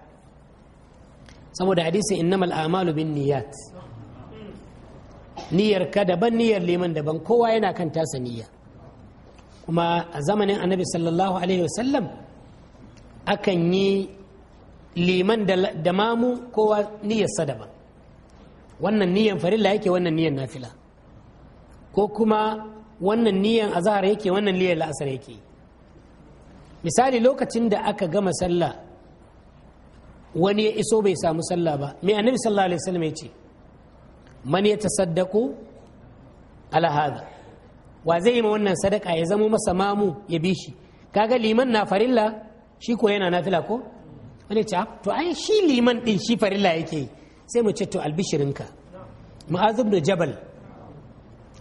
Speaker 1: saboda hadisin innamal a'malu bin niyyat niyyar ka daban niyyar liman daban kowa yana kan tasa niyya kuma a zamanin annabi sallallahu alaihi wasallam akan yi liman da mamu kowa sa daban wannan niyyan farilla yake wannan niyyan nafila ko kuma wannan niyyan azhar yake wannan niyyan la'asar yake misali lokacin da aka gama sallah wani ya iso bai samu sallah ba mai annabi sallallahu alaihi wasallam ya ce man ya tasaddaku ala hada wa zai yi ma wannan sadaka ya zamo masa mamu ya bi shi kaga liman na farilla shi ko yana nafila ko wani ce ah, to ai shi liman din shi farilla yake sai mu ce to albishirinka ma'azub da jabal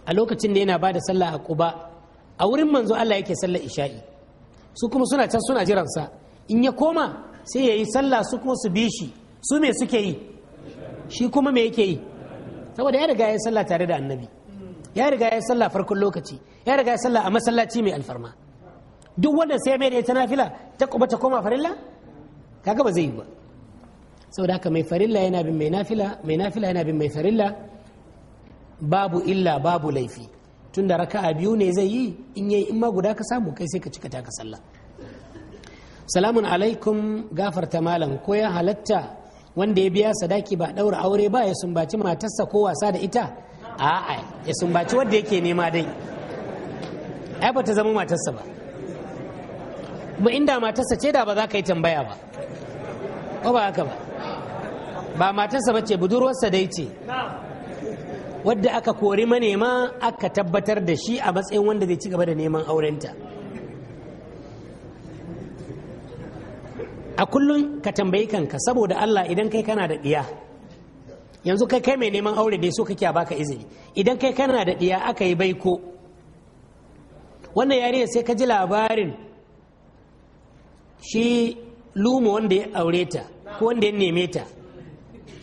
Speaker 1: a lokacin da yana ba da sallah a kuba a wurin manzo Allah yake sallar isha'i su kuma suna can suna jiransa in ya koma sai ya yi sallah su kuma su bi shi su me suke yi shi kuma me yake yi saboda ya riga ya sallah tare da annabi ya riga ya sallah farkon lokaci ya riga ya sallah a masallaci mai alfarma duk wanda sai mai da ita nafila ta kuma ta koma farilla kaga ba zai yi ba saboda haka mai farilla yana bin mai nafila mai nafila yana bin mai farilla babu illa babu laifi tunda raka'a biyu ne zai yi in yayi in ma guda ka samu kai sai ka cika ta ka sallah salamun alaikum gafarta malam ko ya halatta wanda ya biya sadaki ba daura aure ba ya sumbaci matarsa ko wasa da ita a'a ya sumbaci wanda yake nema dai ai ba ta zama matarsa ba ba inda matarsa ce da ba za ka yi tambaya ba ko ba haka ba ba matarsa ba ce budurwarsa dai ce wadda aka kori manema aka tabbatar da shi a matsayin wanda zai ci gaba da neman aurenta a kullum ka tambayi kanka saboda Allah idan kai kana da ɗiya yanzu kai kai mai neman aure dai so kake baka izini idan kai kana da ɗiya aka yi baiko wannan yariya sai ka ji labarin shi lumo wanda ya aure ta ko wanda ya neme ta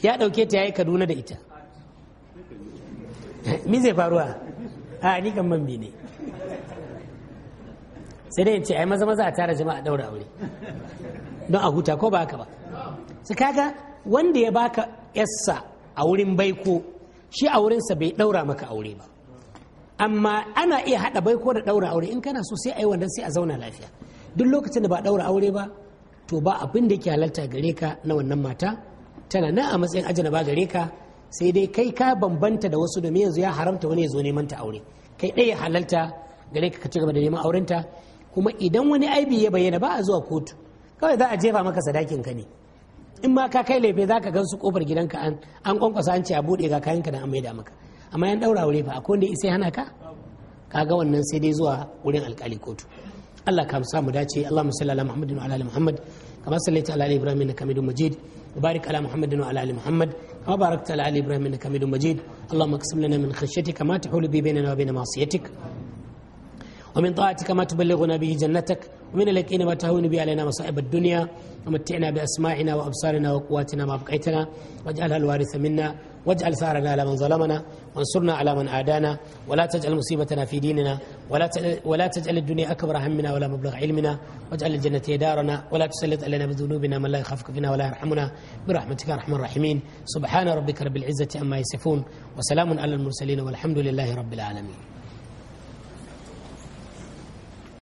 Speaker 1: ya dauke ta ya yi kaduna da ita mi zai faruwa a ni kan man ne sai dai in ce ai maza maza a tara jama'a daura aure don a huta ko ba haka ba su kaga wanda ya baka yassa a wurin baiko shi a wurinsa bai daura maka aure ba amma ana iya hada baiko da daura aure in kana so sai a yi wannan sai a zauna lafiya duk lokacin da ba daura aure ba to ba abin da ke halarta gare ka na wannan mata tana nan a matsayin ba gare ka sai dai kai ka bambanta da wasu domin yanzu ya haramta wani ya zo neman ta aure kai ɗaya halalta gare ka ka ci gaba da neman aurenta kuma idan wani aibi ya bayyana ba a zuwa kotu kawai za a jefa maka sadakin ka ne in ma ka kai laife za ka gan su kofar gidanka an an kwankwasa an ce a buɗe ga kayanka da an maida maka amma yan ɗaura aure fa akwai wanda isai hana ka ka ga wannan sai dai zuwa wurin alƙali kotu Allah ka sa mu dace Allahumma salli ala Muhammadin wa ala Muhammad kama sallaita ala ali Ibrahim innaka Hamidum Majid wa barik ala Muhammadin wa ala Muhammad kama barakta ala ali Ibrahim innaka Hamidum Majid Allahumma qsim lana min khashyatika ma tahulu bi bainana wa bain ومن طاعتك ما تبلغنا به جنتك ومن اليقين ما تهون به علينا مصائب الدنيا ومتعنا بأسماعنا وأبصارنا وقواتنا ما بقيتنا واجعلها الوارث منا واجعل ثارنا على من ظلمنا وانصرنا على من عادانا ولا تجعل مصيبتنا في ديننا ولا ولا تجعل الدنيا أكبر همنا ولا مبلغ علمنا واجعل الجنة دارنا ولا تسلط علينا بذنوبنا من لا يخافك فينا ولا يرحمنا برحمتك يا أرحم الراحمين سبحان ربك رب العزة عما يصفون وسلام على المرسلين والحمد لله رب العالمين